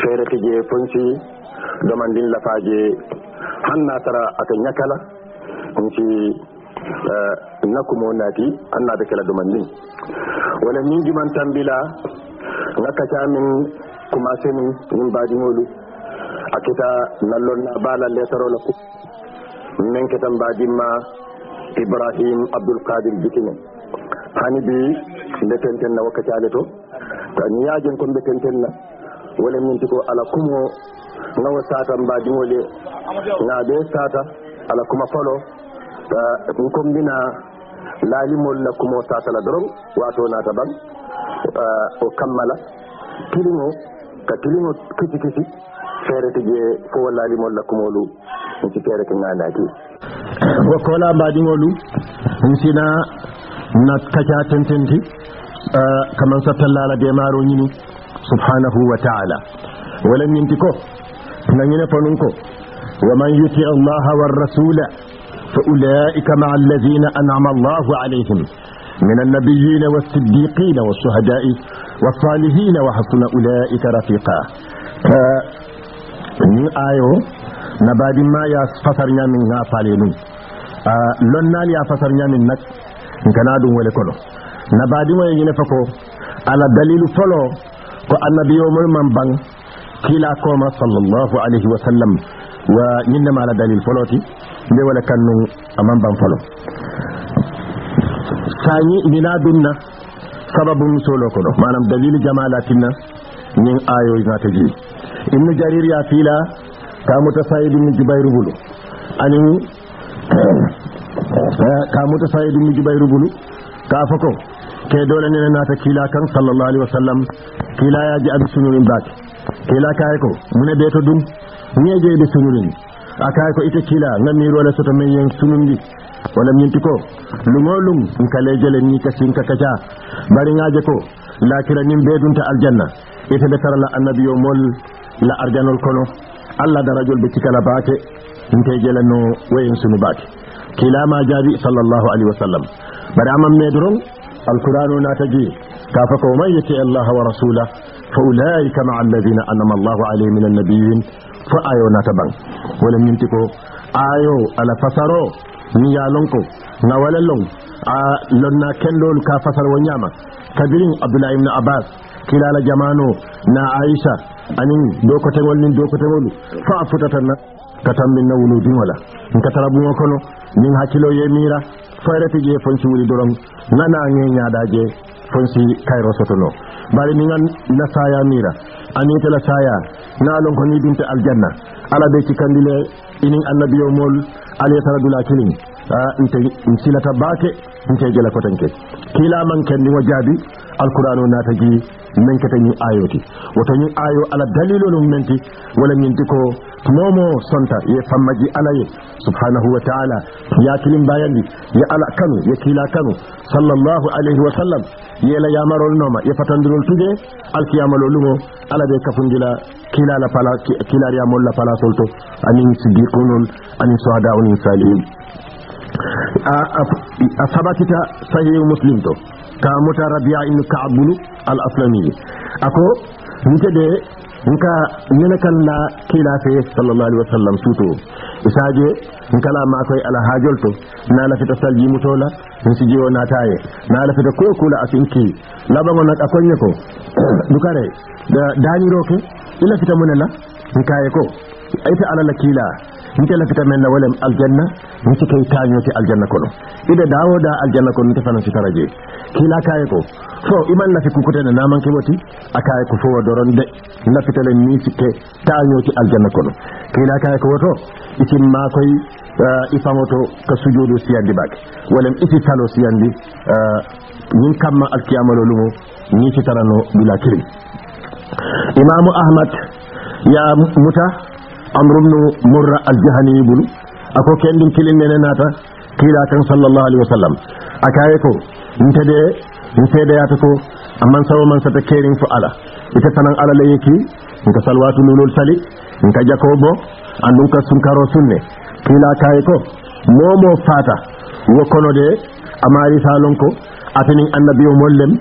feereti je fonsi domandin lafaje hanna tara aka nyakala mi Eh, nakumo nati an na naata kela domandin wala min juman tambila na kaca min commencé min min baadiŋolu a kita lona na lalle letaro la ku min ketan ma ibrahim Abdul kadir bikini hani bi tenten na wo kacale to ta ni kun da tenten na wani min ti ko ala kumo nga wo satan baadiŋole nga be sata ala kuma falo. ɗum eh, kombina laalimol lakkumo satala doron wato nata ban eh, o kammala kilimo ka kilimo kisi kisi fere ti je fo laalimol lakkumolu nci feere ke gandaki wo kola mbaɗimolu nsina na kaca tententi eh, kaman tallala be maro ñini subhanahu wa taala wala ñinti ko na ñine fanun ko wa man yuti allaha rasula فأولئك مع الذين أنعم الله عليهم من النبيين والصديقين والشهداء والصالحين وحسن أولئك رفيقا ف آيو نباد ما يفسرنا من غافلين لنا لي يفسرنا من نك كنا دون نباد ما ينفكو على دليل فلو كأن بيوم المنبان كلا كوما صلى الله عليه وسلم وإنما على دليل فلوتي de wala kannu amman ban falo sani miladunna sababun solo kono manam dalil jamalatinna nin ayo ta ji ibn jarir ya fila ka mutasayyid ibn jubair bulu ani eh, ka mutasayyid ibn jubair bulu ka fako ke dole ne na ta kila kan sallallahu alaihi wasallam kila ya ji abisunurin ba kila ka ko mun be to dun ni je da sunurin aka ko ita kila ruwa la soto manyan yen bi wala min tiko lumolum nkale jele ni ka kaja bari ngaje ko lakira nim ta aljanna ita da tarala yo mol la arjanul kono alla bi tikala bate in nte jele no wayin sunu bate kila ma jabi sallallahu alaihi wasallam bari amam medron alquranu nataji kafa ko mai yati allah wa rasula fa ulaika ma alladhina anama allah alaihi min annabiyyin fo ayo na ban wala minti ko ayo ala fasaro ni ya lonko na wala lon a lonna kendol ka fasar wa nyama kabirin abdullahi ibn abbas kilala jamano na aisha anin dokotewol nin dokotewolu fa a futatan na katam min na wuludin wala in ka tara bungo min hakilo ye mira fayrati je fonsi wuli doron nana nya daje. fonsi kairo sotono bari min na saya mira anitela saya naalon ko binta aljanna ala be ɓe cikkandile inin annabiyo mol alayhsaradula kilin nte silata bake nte jela kila man ken ni wajabi alquran na naatagi men kete ayoti wato ni ayo ala dalilolu menti wala min ko nomo sonta ya famaji alaye subhanahu wa ta'ala ya kilin bayan ya ala kanu ya kila kanu sallallahu alaihi wa sallam ya la yamarol noma ya fatandurol tuge al kiyamalo lumo ala be kafundila kila la fala kila ya molla pala solto anin sidiqunun anin suhadaun salim a sabatita sahih muslim to ka muta rabi'a ibn ka'ab al aslami ako nite de nka kila fe sallallahu alaihi wasallam tuto isaje nkala makoy ala hajol na la fita salji mutola Na jiwo na la fita ko kula asinki labango nak akonye ko dukare da dani roke ila fita munela nkaye ko aita ala la la ka na wolem aljanna misi kay ci aljanna kono ida dawo da aljanna kono nte fanan sitara je kila kaye ko fo iman nafi kukutene namanke woti akaye ko fowa doron de nafitalen ni sikke ci aljanna kono kila kaye ko woto itimma koy uh, ifamoto ka sujudu siyandi bake wolem iti talo siyandi ñin uh, kamma alkiyamalo lumo ni sitarano bila kirim imamu ahmad ya muta amrunu murra al-jahani bulu ako kendin kilin ne nata kila kan sallallahu alaihi wasallam akaye ko nta de nta de ya ko amma sawo man ta kerin fu ala ita sanan ala la yeki nka salwatu lulul sali nka jakobo andun ka sun karo sunne kila kaye ko momo fata wo kono de amari salon ko atinin annabiyo mollem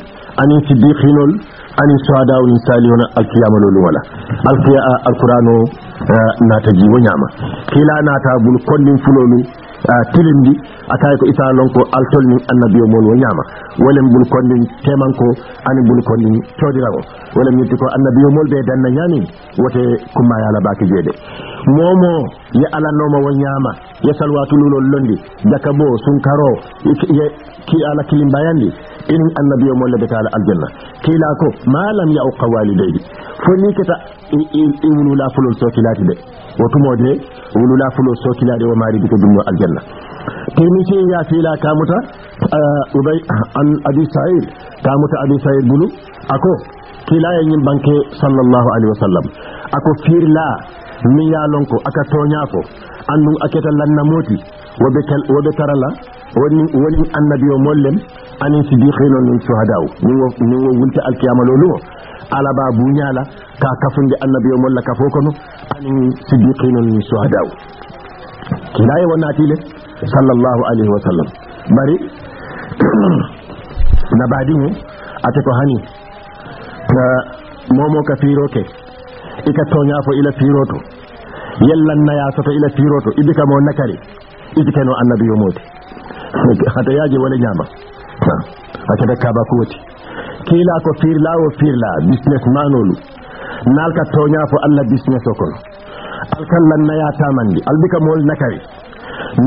anin siddiqinol ani shuhada wani salihun alkiyama lolowala alkurano eh, na ta wani nyama kila na ta bulkonnin fulolu eh, tilindi yi ko isa lonko altol ni annabiyo mol wani ñama wolem bul kondi teman ko ani bul kondi codirago wolem yetti ko annabiyo mol ɓe danna ñani wote kumma yala baki jede momo ya ye alanoma wo ñama ye salwatululol londi jakabo sunkaro ye ki ala kilimbayandi in annabi ya mallaka ta aljanna kila ko malam ya uqa walidaydi fa ni kita wulu la fulul sokilati de wotu mode wulu la fulul sokilati wa mari bito dum aljanna to ni ce ya fila ka muta ubay an abi sa'id ka muta abi sa'id bulu ako kila yin banke sallallahu alaihi wasallam ako firla min yalon ko aka tonya ko annun aketa lanna moti wa bikal wabe karala wani annabi mollem anin sidiqina min shuhada'u ni wunta alkiyama lolo alaba bunyala ka kafin da annabi ya mallaka fokono anin sidiqina su shuhada'u kinaye wannan atile sallallahu alaihi wasallam bari na badin ate ko hani ta momo ka firo ke ika tonya fo ila firo to yallan na ya soto ila firo to idika mo nakari idika no annabi yo moti hata yaje wala nyama akeda kaba kuwati kila ko firla o firla man olu alka tonya fo allah business o kono alkallan nayatamandi albika mool nakari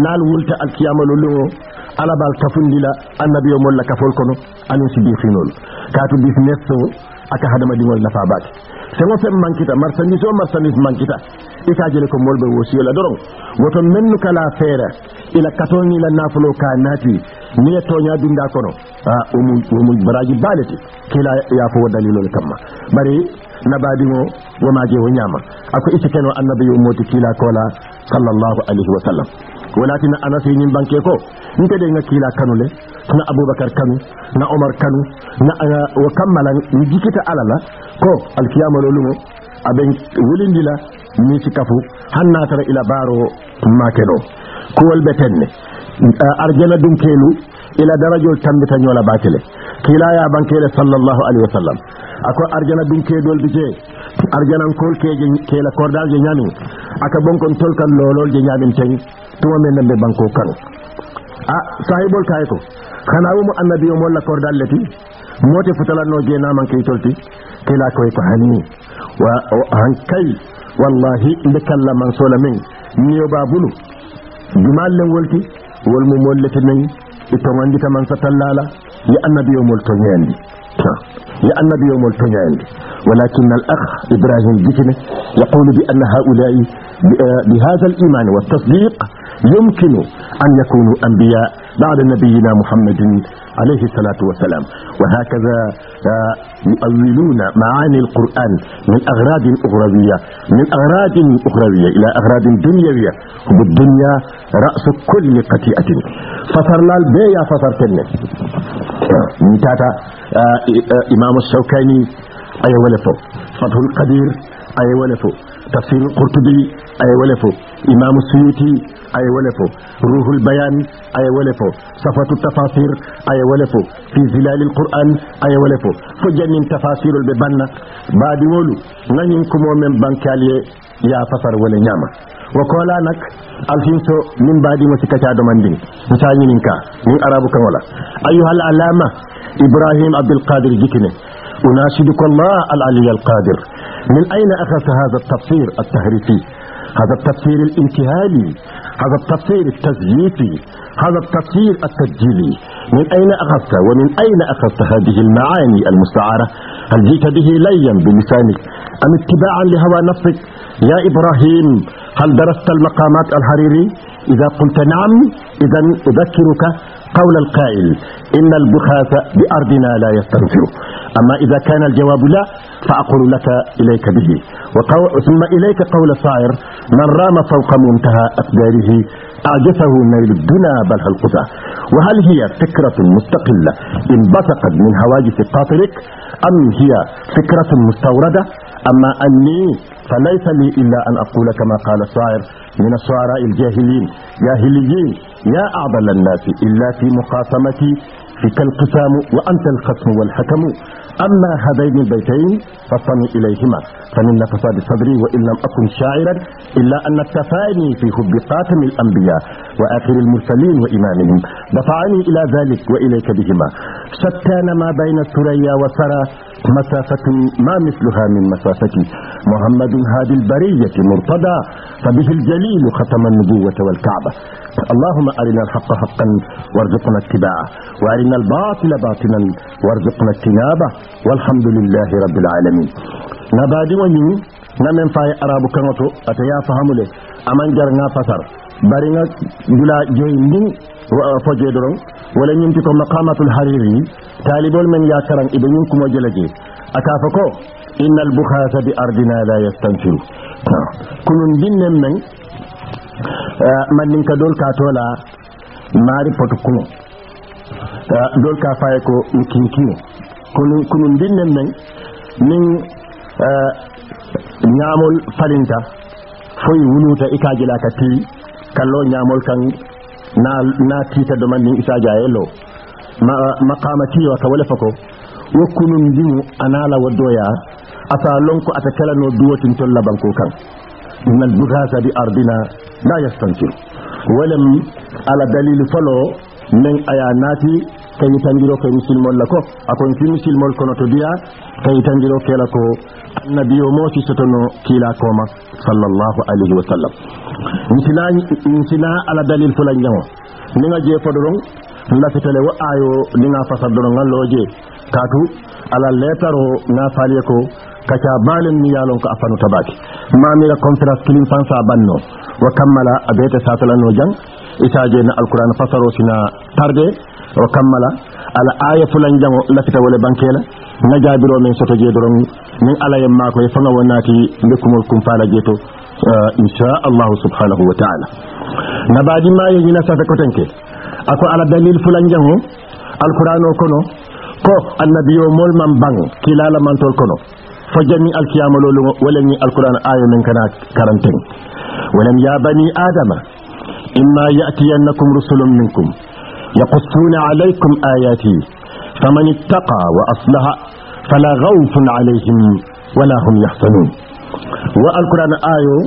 naal wulta alkiyamalo alaba ala bal annabi annabiyo mol la kafol kono anin si bifinol kaatu business o aka hadamadiŋol nafa baake feŋo feŋ mankita marchandise o marchandise mankita i ka jele ko moolu be wosiyo la doroŋ woto mennu ka la feere i la katoŋi la nafuloo ka naati niŋ ye tooña dinda kono womu baraji baa le ti ka i la yaafo wo le kamma bari nabadiŋo wo maaje wo ñaama a ko ite keno annabiyo mooti kiila koola sallallahu alayhi wa sallam walatina anas ñin banke ko nte de nga kiila kanu le na aboubacar kanu na omar kanu na eh, wo kammalan jikita ala la ko wulin dila ni ci kafu tara ila baaro make ko wal ɓe arjana dum kelu ila darajo tambita batile Kila ya bankele sallallahu alaihi wa ako arjana ɗum keedolde Arjana arjanankol keje keela kordal je ñamin aka bonkon tolkan lolol je ñamin tan tuma men nambe banko kan a sahibol kaye ko hana annabi mo la kordal leti moti futalano je namankeyi tolti قلاك ويتهني وهنكي والله لكلا من سولا من نيو بابلو جمال لولتي والممولة من itongondi ta man ستلالا لأن annabi yomul tonyandi يا النبي يوم الفجر ولكن الأخ إبراهيم بكنة يقول بأن هؤلاء آه، بهذا الإيمان والتصديق يمكن أن يكونوا أنبياء بعد نبينا محمد عليه الصلاة والسلام وهكذا آه، يؤولون معاني القرآن من أغراض أخروية من أغراض أخروية إلى أغراض دنيوية وبالدنيا رأس كل قتيئة فصرنا البيع فصرتنا نتاتا آه، آه، إمام الشوكاني اي أيوة لفو فتح القدير اي أيوة لفو tafsirin qurtubi ay walefo imam suyuti ay walefo ruhul bayan ay walefo safatu tafasir ay walefo fi zilal Qur'an ay walefo fo jamin tafasir be banna badi wolu nanin ko momen bankaliye ya fasar wala nyama wa kola nak alfinto min badi mo sikata do mandin misani ninka min arabu kan wala ayyuhal alama ibrahim abdul qadir jikine unashidukallah al aliyal qadir من أين أخذ هذا التفسير التهريفي هذا التفسير الانتهالي هذا التفسير التزييفي هذا التفسير التسجيلي من أين أخذت ومن أين أخذت هذه المعاني المستعارة هل جئت به ليا بلسانك أم اتباعا لهوى نفسك يا إبراهيم هل درست المقامات الحريري إذا قلت نعم إذا أذكرك قول القائل إن البخاث بأرضنا لا يستنفر أما إذا كان الجواب لا فأقول لك إليك به وقو... ثم إليك قول الشاعر من رام فوق منتهى أقداره أعجفه نيل الدنا بل هلقته وهل هي فكرة مستقلة انبثقت من هواجس قاطرك أم هي فكرة مستوردة أما أني فليس لي إلا أن أقول كما قال الشاعر من الشعراء الجاهلين جاهليين يا أعضل الناس إلا في مقاسمتي فيك القسام وأنت الخصم والحكم أما هذين البيتين فصن إليهما فمن فساد صدري وإن لم أكن شاعرا إلا أن التفاني في حب قاتم الأنبياء وآخر المرسلين وإمامهم دفعني إلى ذلك وإليك بهما شتان ما بين الثريا والثرى مسافة ما مثلها من مسافة محمد هذه البرية مرتضى فبه الجليل ختم النبوة والكعبة اللهم أرنا الحق حقا وارزقنا اتباعه وأرنا الباطل باطلا وارزقنا اجتنابه والحمد لله رب العالمين نبادي ونيو نمن فاي أرابو كنوتو أتيا له أمن جرنا فسر bari na dula joyi ndin uh, foje doron wala ci ko maqamatul hariri talibol men ya karan ibe ñin kumo jelaje akafa ko innal bukhasa bi ardina la yastanfiru kunun uh, man men ka dol ka tola mari potu kuno uh, dol ka faye ko nkinkino kunun dinnen men min ñamol falinta foy wuluta ikajila ka tii kallo nyamol kan na na tita do manni isa jayelo maqamati wa kawala fako wakunun dimu anala wadoya asalon lonko atakala no duwatin tallaban ko kan min al bughasa bi ardina la yastanqil walam ala dalil falo min ayanati kay tangiro kay musulmon lako akon fi musulmon kono to dia kay tangiro kelako biyo mo fi sotono kila koma sallallahu alaihi wasallam ntina ntina ala dalil fulan ni nga je fodorong la fitale wa ayo ni ninga fasar dorong loje katu ala letaro na faliye ko kaca balin mi yalon ko afanu tabaki mamira conference kilim fansa banno wa kammala abete satalano jang itaje na alquran fasaro sina tarde wa kammala ala aya fulan jango lafita wala bankela na jaabiroo men soto jee doroŋ min ala ye maa koye faŋa wo naati kum faala jee to euh, inchallahu subhanahu wa taala na baadi maa ye ñina safe koten ke a ala dalil fulan jango alqur'ano kono ko annabiyo mol man baŋ kilaala mantol kono fo jami alkiyama lolu walen ñi alqur'an ayo men kana karanteŋ walam ya bani adama imma yatiyannakum rusulum minkum yaqussuna alaykum ayati faman ittaqa wa aslaha فلا غوف عليهم ولا هم يحسنون والقرآن آيو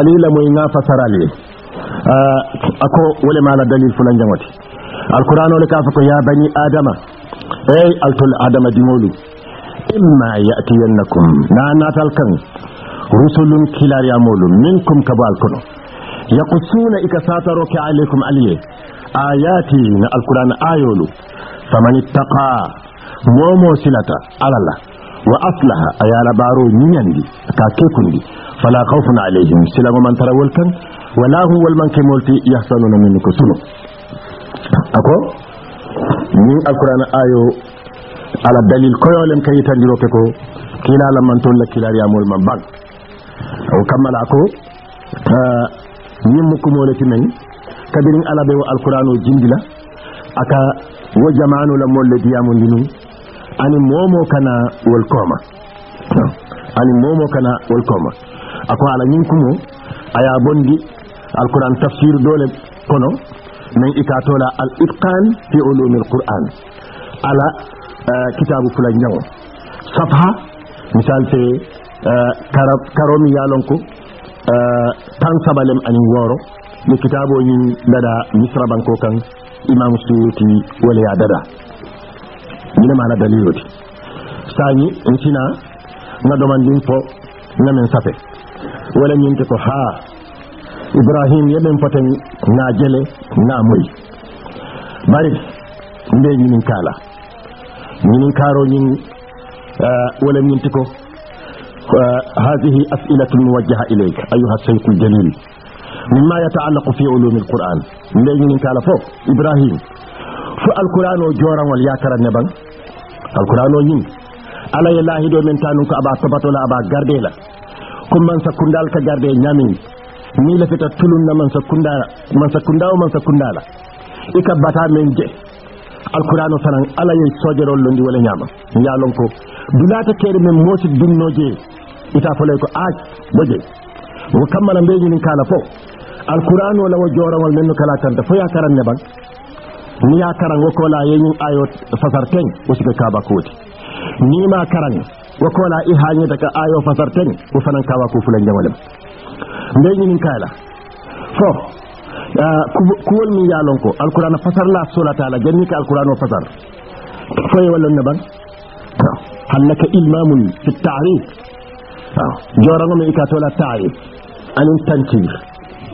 أليل موينا فسر لي آه، أكو ما على دليل فلان جمعتي القرآن لك أفكو يا بني آدم أي ألت الآدم دمولي إما يأتينكم نانا نعم، نعم، تلكم رسل كلار يامول منكم كبالكم يقصون إكساتا روك عليكم عليه آياتي نعم، القرآن ايه فمن اتقى momo silata alala wa aslaha ayala baro nyandi ka kundi fala khawfun alayhim silama man tarawol kan wala hum wal man kemolti yahsanuna min ko ako ni alquran ayo ala dalil koyolen kayitandiro ke ko kila kilala man tolla kilariyamol man bag o kamala ko ñimmu kumoleti men kabirin alabe wa alquranu jindila aka wo jamanu la molle diyamu ndinum ani momo kana welkoma ani momo kana welkoma ako ala ñin kumo aya bondi alquran tafsir dole kono nan ikatola al itqan fi ulumi alquran ala uh, kitabu fula ñawo safha misal te uh, eh, karab karomi yalonko uh, eh, tan sabalem ani woro ni kitabo ñin dada misra banko kan imam suyuti wala ya dada ñu ne maana dalil yoti sañi ncina nga domandin fo ngamen safe wala ñinke ko ha ibrahim yeɓen foten na jele na moy bari nde ñinin kala ñinin karo ñin wala ñinti ko هذه أسئلة موجهة إليك أيها الشيخ الجليل مما يتعلق في علوم القرآن لين قال فوق إبراهيم su alkurano karan ne ban alkurano yin ala ye lahido men tanum ko aba la aba garde la kun man kundal ka garde ñamin ni tulun na man sakkunda man sakkunda o man sakkundala ika bata men je alkurano sanan ala ye sojero londi wala nyama ya lon ko dunata kere men mosi je ita fole ko aj boje wo kammala ni kala fo alkurano lawo jorawol men no kala tanta fo ya karan ne ban ni ya karan wa kola yayin ayo fasarten usuka kaba kodi ni ma karan wa kola i hanye daga ayo fasarten ku fanan kaba ku fulan jamalam ndey ni kala fo uh, kuwol min yalon ko alquran fasar la sura la janni ka alquran fasar fo ye wallon naban hannaka ilmamun fi ta'rif jorango me ikatola ta'rif anin tantir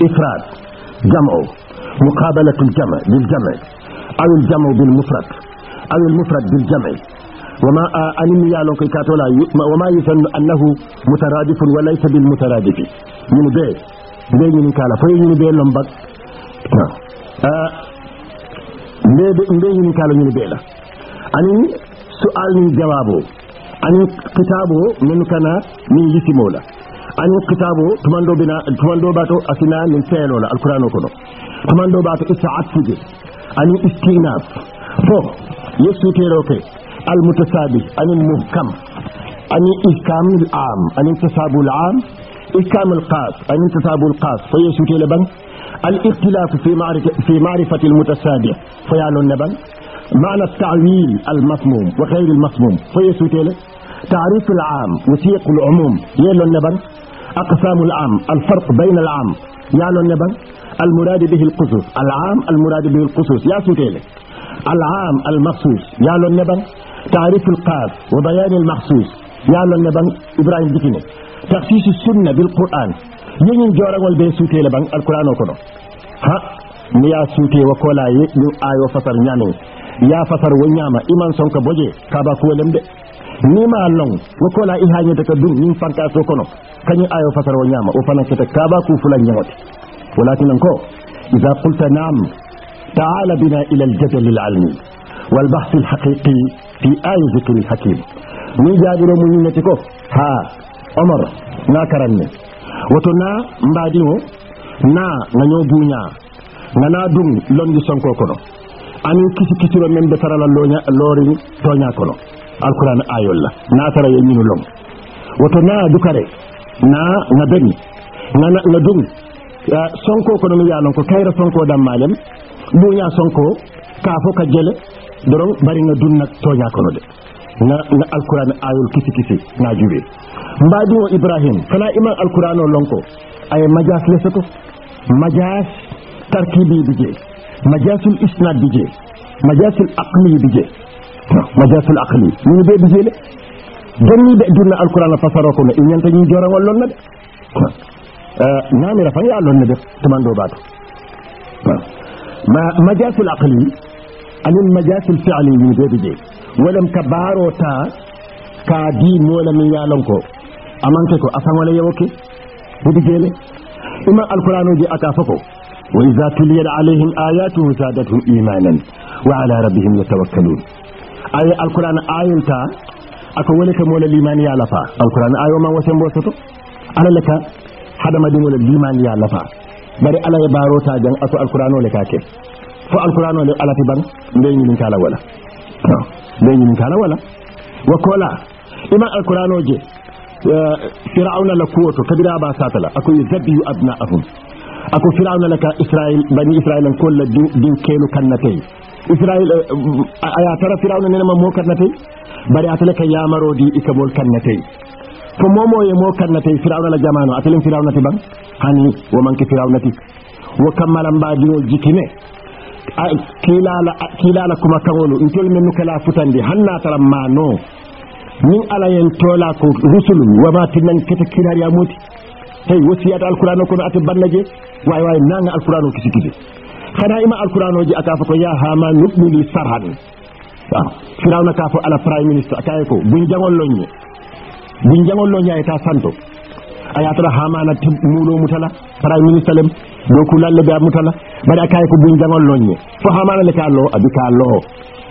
ifrad jam'u مقابلة الجمع للجمع aw jamo bil mufrad aw al mufrad bil jam' wama anim ya lon kay katola wama yusan annahu mutaradif wa laysa bil mutaradif ni be be ni kala fay ni be lon bak be ni kala ni be la ani su'al ni jawabo ani kitabo min kana ni yisimola ani kitabo tumando bina tumando bato asina ni telo la alquran ko tumando bato isa'atuje عن الاستئناف فوق يسوتيرو كي المتسابي عن المحكم عن الإحكام العام عن انتساب العام إحكام القاس عن انتساب القاس فيسوتي لبن الاختلاف في معرفة في معرفة المتسابي فيعلو النبن معنى التعويل المسموم وغير المسموم فيسوتي تعريف العام وسيق العموم يلو النبن أقسام العام الفرق بين العام يالو النبن المراد به القصص العام المراد به القصص يا سوتيلي العام المخصوص يا لون نبن تعريف القاف وبيان المخصوص يا لون نبن إبراهيم ديكيني تخصيص السنة بالقرآن يين جورا والبي سوتيلي بان القرآن وكنو ها يا سوتي وكولا يو آيو فصل نيامي يا فصل ونياما إيمان سونك بوجي كابا كويلم دي nima long wakola ihanye taka dum nim fanka so kono kanyi ayo fasar wanyama ufana kita kaba kufula nyamote ولكن انكو إذا قلت نعم تعال بنا إلى الجدل العلمي والبحث الحقيقي في اي ذكر الحكيم من جابر منينتكو ها عمر نا كرن وتنا مباديو نا نانيو بونيا نانا دوم دي سونكو كونو ani kisi kisiro men be tarala loña loori toña kono alquran ayol la na tara ye minu lom woto na dukare na na beni na na dum Eh, sonko ko ɗum wiya ko kayra sonko dammalem duña sonko k'a fo ka jele doron mbaringa dunnat toña kono de na na alquran ayul kisi kisi na juwe mbadi o ibrahim kala iman alquran o lonko ay majas lesoto majas tarkibi bije majasul isnad bije majasul aqli bije majasul aqli ni be bije le ni be dun alquran fa ko ne nyanta ni jorawol lon na de ñaamira fan yàlla na def tumando baatu waaw ma majaasul aqli anin majaasul fiali yin beebi jee wolem ka baaro taa ka di moola min yaalon ko amanke ko asanwale yewoke budi jeele ima alqur'anu je aka foko wa iza tuliyat alayhim ayatuhu zadatuhum imanan wa ala rabbihim yatawakkalun ay alqur'an ayunta aka wole ka moola limani yalafa alqur'an ayo man wasen bosoto alalaka hada madimul liman ya lafa bari ala ya baro ta jan asu alqur'ano le kake fo alqur'ano le ala fi ban ndey ni kala wala ndey ni kala wala wa kola iman alqur'ano je fir'auna la kuwato kabira ba satala akoy zabiyu abna'ahum ako fir'auna laka isra'il bani isra'il an kolla din kelu kanate. isra'il eh, mm, aya tara fir'auna ne ma mo kanate bari atala ka yamaro di ikabol kannatay ko momoye mo kanna tay firawna la e jamano firawna ti ban hani wo man ki firawna ti wo kamala kammala mbaadiŋol jikine kilala kilala kuma kawolu kaŋolu ntol mennu kela futandi hanna taram ma no min ala yen tola ko rusul rusulum wama tinnan kete kiilariya muti tay wasiyata alquran o kono ate banna je way way nanga alquran ko kisi kisi xana ima alquran o atafa ko ya hama nubni li sarhan firawna ka fo ala prime minister akay ko buñ jangol loññe jangon bu njangollo ñayta santo a yatara hamana mulo mutala prime ministre lem do lalle ba mutala mbaɗa kaye ko jangon jangollo ñe fo hama na le ka lo abi ka loo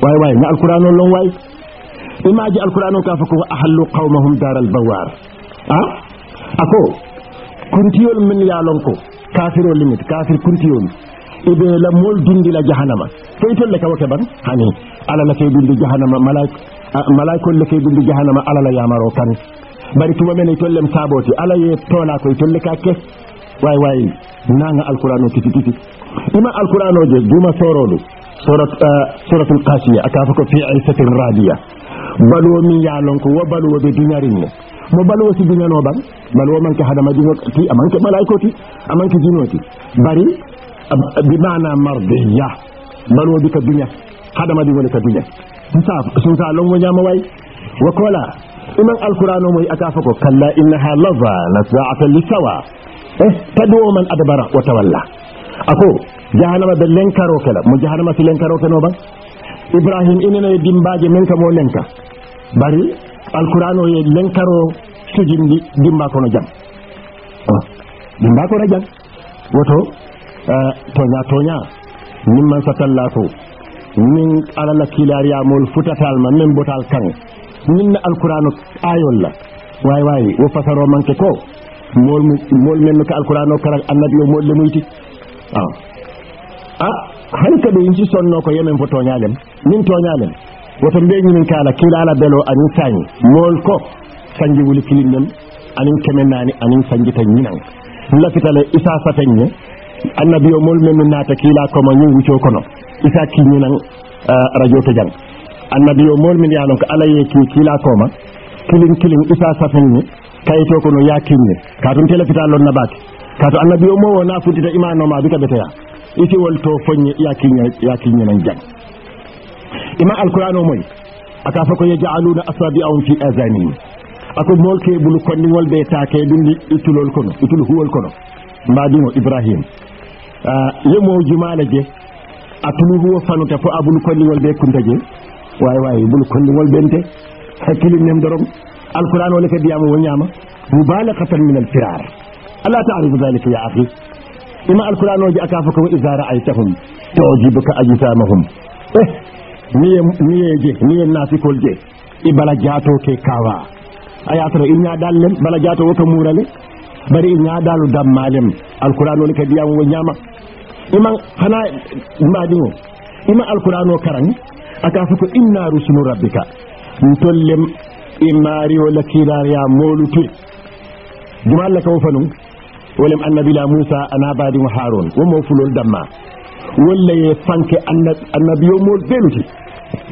way way na alquran lon way imaji alquran ka fa ko ahallu qaumahum daral bawar ha ah? ako kuntiyol min ya lon ko kafiro limit kafir kuntiyol ibe la mol dundi la jahannama feytol le ka woke ban hani ala la kay dundi jahannama malaika malaikol le kay dundi jahannama alala yamaro kan bari tuma mene tollem saboti ala ye tola koy tolle ka kes way way nanga alqur'ano kiti kiti ima alqur'ano je duma sorolu surat ah, suratul qasiya akafa ko fi aisatin radiya balwo mi yalon ko wa balwo be dinarin ne mo balwo si dinano ban balwo man ka hadama dino ti aman ke malaikoti aman ke jinoti bari bi mana mardiya balwo bi ka dunya hadama dino ka dunya sun sa lon wajen mawai wa kola iman alkurano mai aka fako kalla innaha lava nasa'atan lisawa eh tadwo man adabara wata walla ako jahannama da lenkaro kala mu jahannama su lenkaro kano ba ibrahim ina na e dimbaje men ka mo lenka bari alkurano ye lenkaro sujindi dimba kono jam oh, dimba kono jam wato eh, tonya tonya nimman satan lafo min alala kilariyamol futatal ma min botal kan minna alquranu ayol la way way wo fasaro manke ko mol mol men ko alquranu kala annabi o mol lemuyti ah ah hanka be inji sonno ko yemen fo toñalen min toñalen woto mbe ñinin kala kilala belo anin sañi mol ko sanji wuli kilinnem anin kemenani anin sanjita ñinan lafitale isa satenñe annabi o mol men naata kiila koma ñin wuccoo kono isa kiñi nan eh, radio to jang annabi o mol men lon ko ala ye ki kiila koma kilin kilin isa safen ni kayito kono ya kiñi tele fitan lon ka to annabi o mowo naafudita imanoma bi ka ɓeteya iti wol to foñi ya kiñi ya kiñi nan jang ima alqur'an o moy aka fa ko yaj'aluna asabi'ahum fi azanihim ako molke bulu kondiŋol ɓe taake ɗum itulol ittulol kono itul huwol kono mbadimo Ibrahim. Ah, yemoo jumaale je atulu huwo fanuta fo abul kolligol ɓe kunta je wawi wawi bul kolligol ɓente hakkilinnem dorom alquran one kadi yama wo ñama mubalagatan min al firar ala taarifu dalika ya ahi ima alquran oji aka fo ko wa isa ra'aytahum tujibuka ajsamahum eh miye miye je miye nafikol je i bala jaato ke kawa a yatoro il ñaɗal len bala jaato woka muurale bari in ya dalu dan o alkurano ne ka biya ima hana iman o ima iman alkurano karani aka fo ko inna rusulu rabbika mutallim imari wala o lakkilar ya molutuye juma allah fanu walam wolem annabila Musa ana baadi o haron womo fulol damma walla ye fanke annabiyomol beluti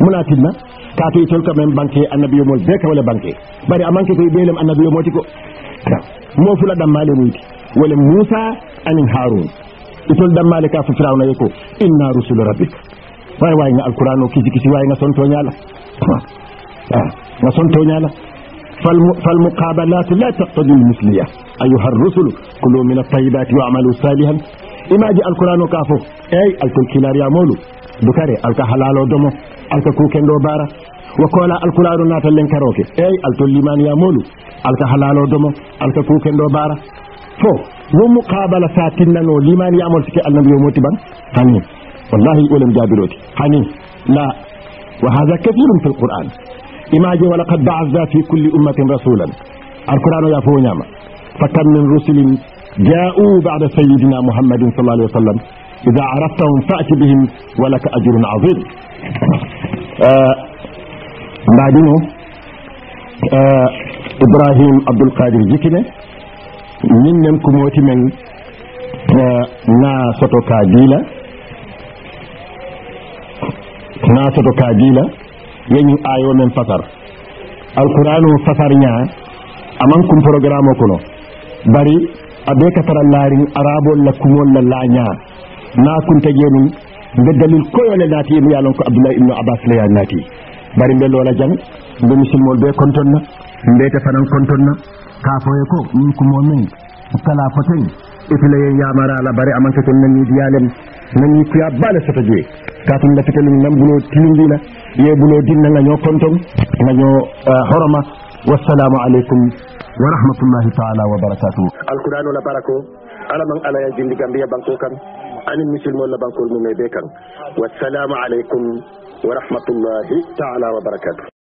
munatinna ka toyi men banke annabi yo annabiyomol be kawale banke bari a manque koye annabi yo ko موفلا دمالي ويت ولموسى ان هارون يقول دمالي كاف فرعون يكو انا رسول ربك واي واي القران كي كي واي نسون تونيالا نسون تونيالا فالم... فالمقابلات لا تقتضي المثليه ايها الرسل كلوا من الطيبات واعملوا صالحا imaji alkurano kafo ey ya molu dukare alka halalo domo alka do bara wakola nata len karoke ey alto ya molu alka halalo domo alka do bara fo wo muqabala liman ya mol ke annabi moti ban hani wallahi wolem jabiroti hani la wa hadha kathirun fil qur'an imaji wa laqad ba'atha fi kulli ummatin rasulan alkurano ya fo nyama fakam min rusulin جاءوا بعد سيدنا محمد صلى الله عليه وسلم إذا عرفتهم فأت بهم ولك أجر عظيم آه، بعدين آه، إبراهيم عبد القادر جكنا من نمكم وتمن آه، نا soto kabila نا soto kabila yanyin آيو من fasar القرآن fasar nya aman kum programme abe ka tara larin arabol la kumol la laña na kunta jeni be dalil ko yole nati mi yalon ko Abdullahi ibn abbas la nati bari mbe lola jang be musulmol be na be ta fanan na. ka foye ko min ko momin kala foten ifle ya mara la bari aman ka tunnan ni diyalen nan ni kuya bala sata je ka tun da fitalin nan bulo la ye bulo dinna nga nyo konton nga nyo horoma wassalamu alaikum wa rahmatullahi ta'ala wa barakatu. alkudano la barako ala man ala yan jindi gambiya banko kan anin musulmon la bankol mu e be kan wassalamu alaikum wa rahmatullahi ta'ala wa barakatu.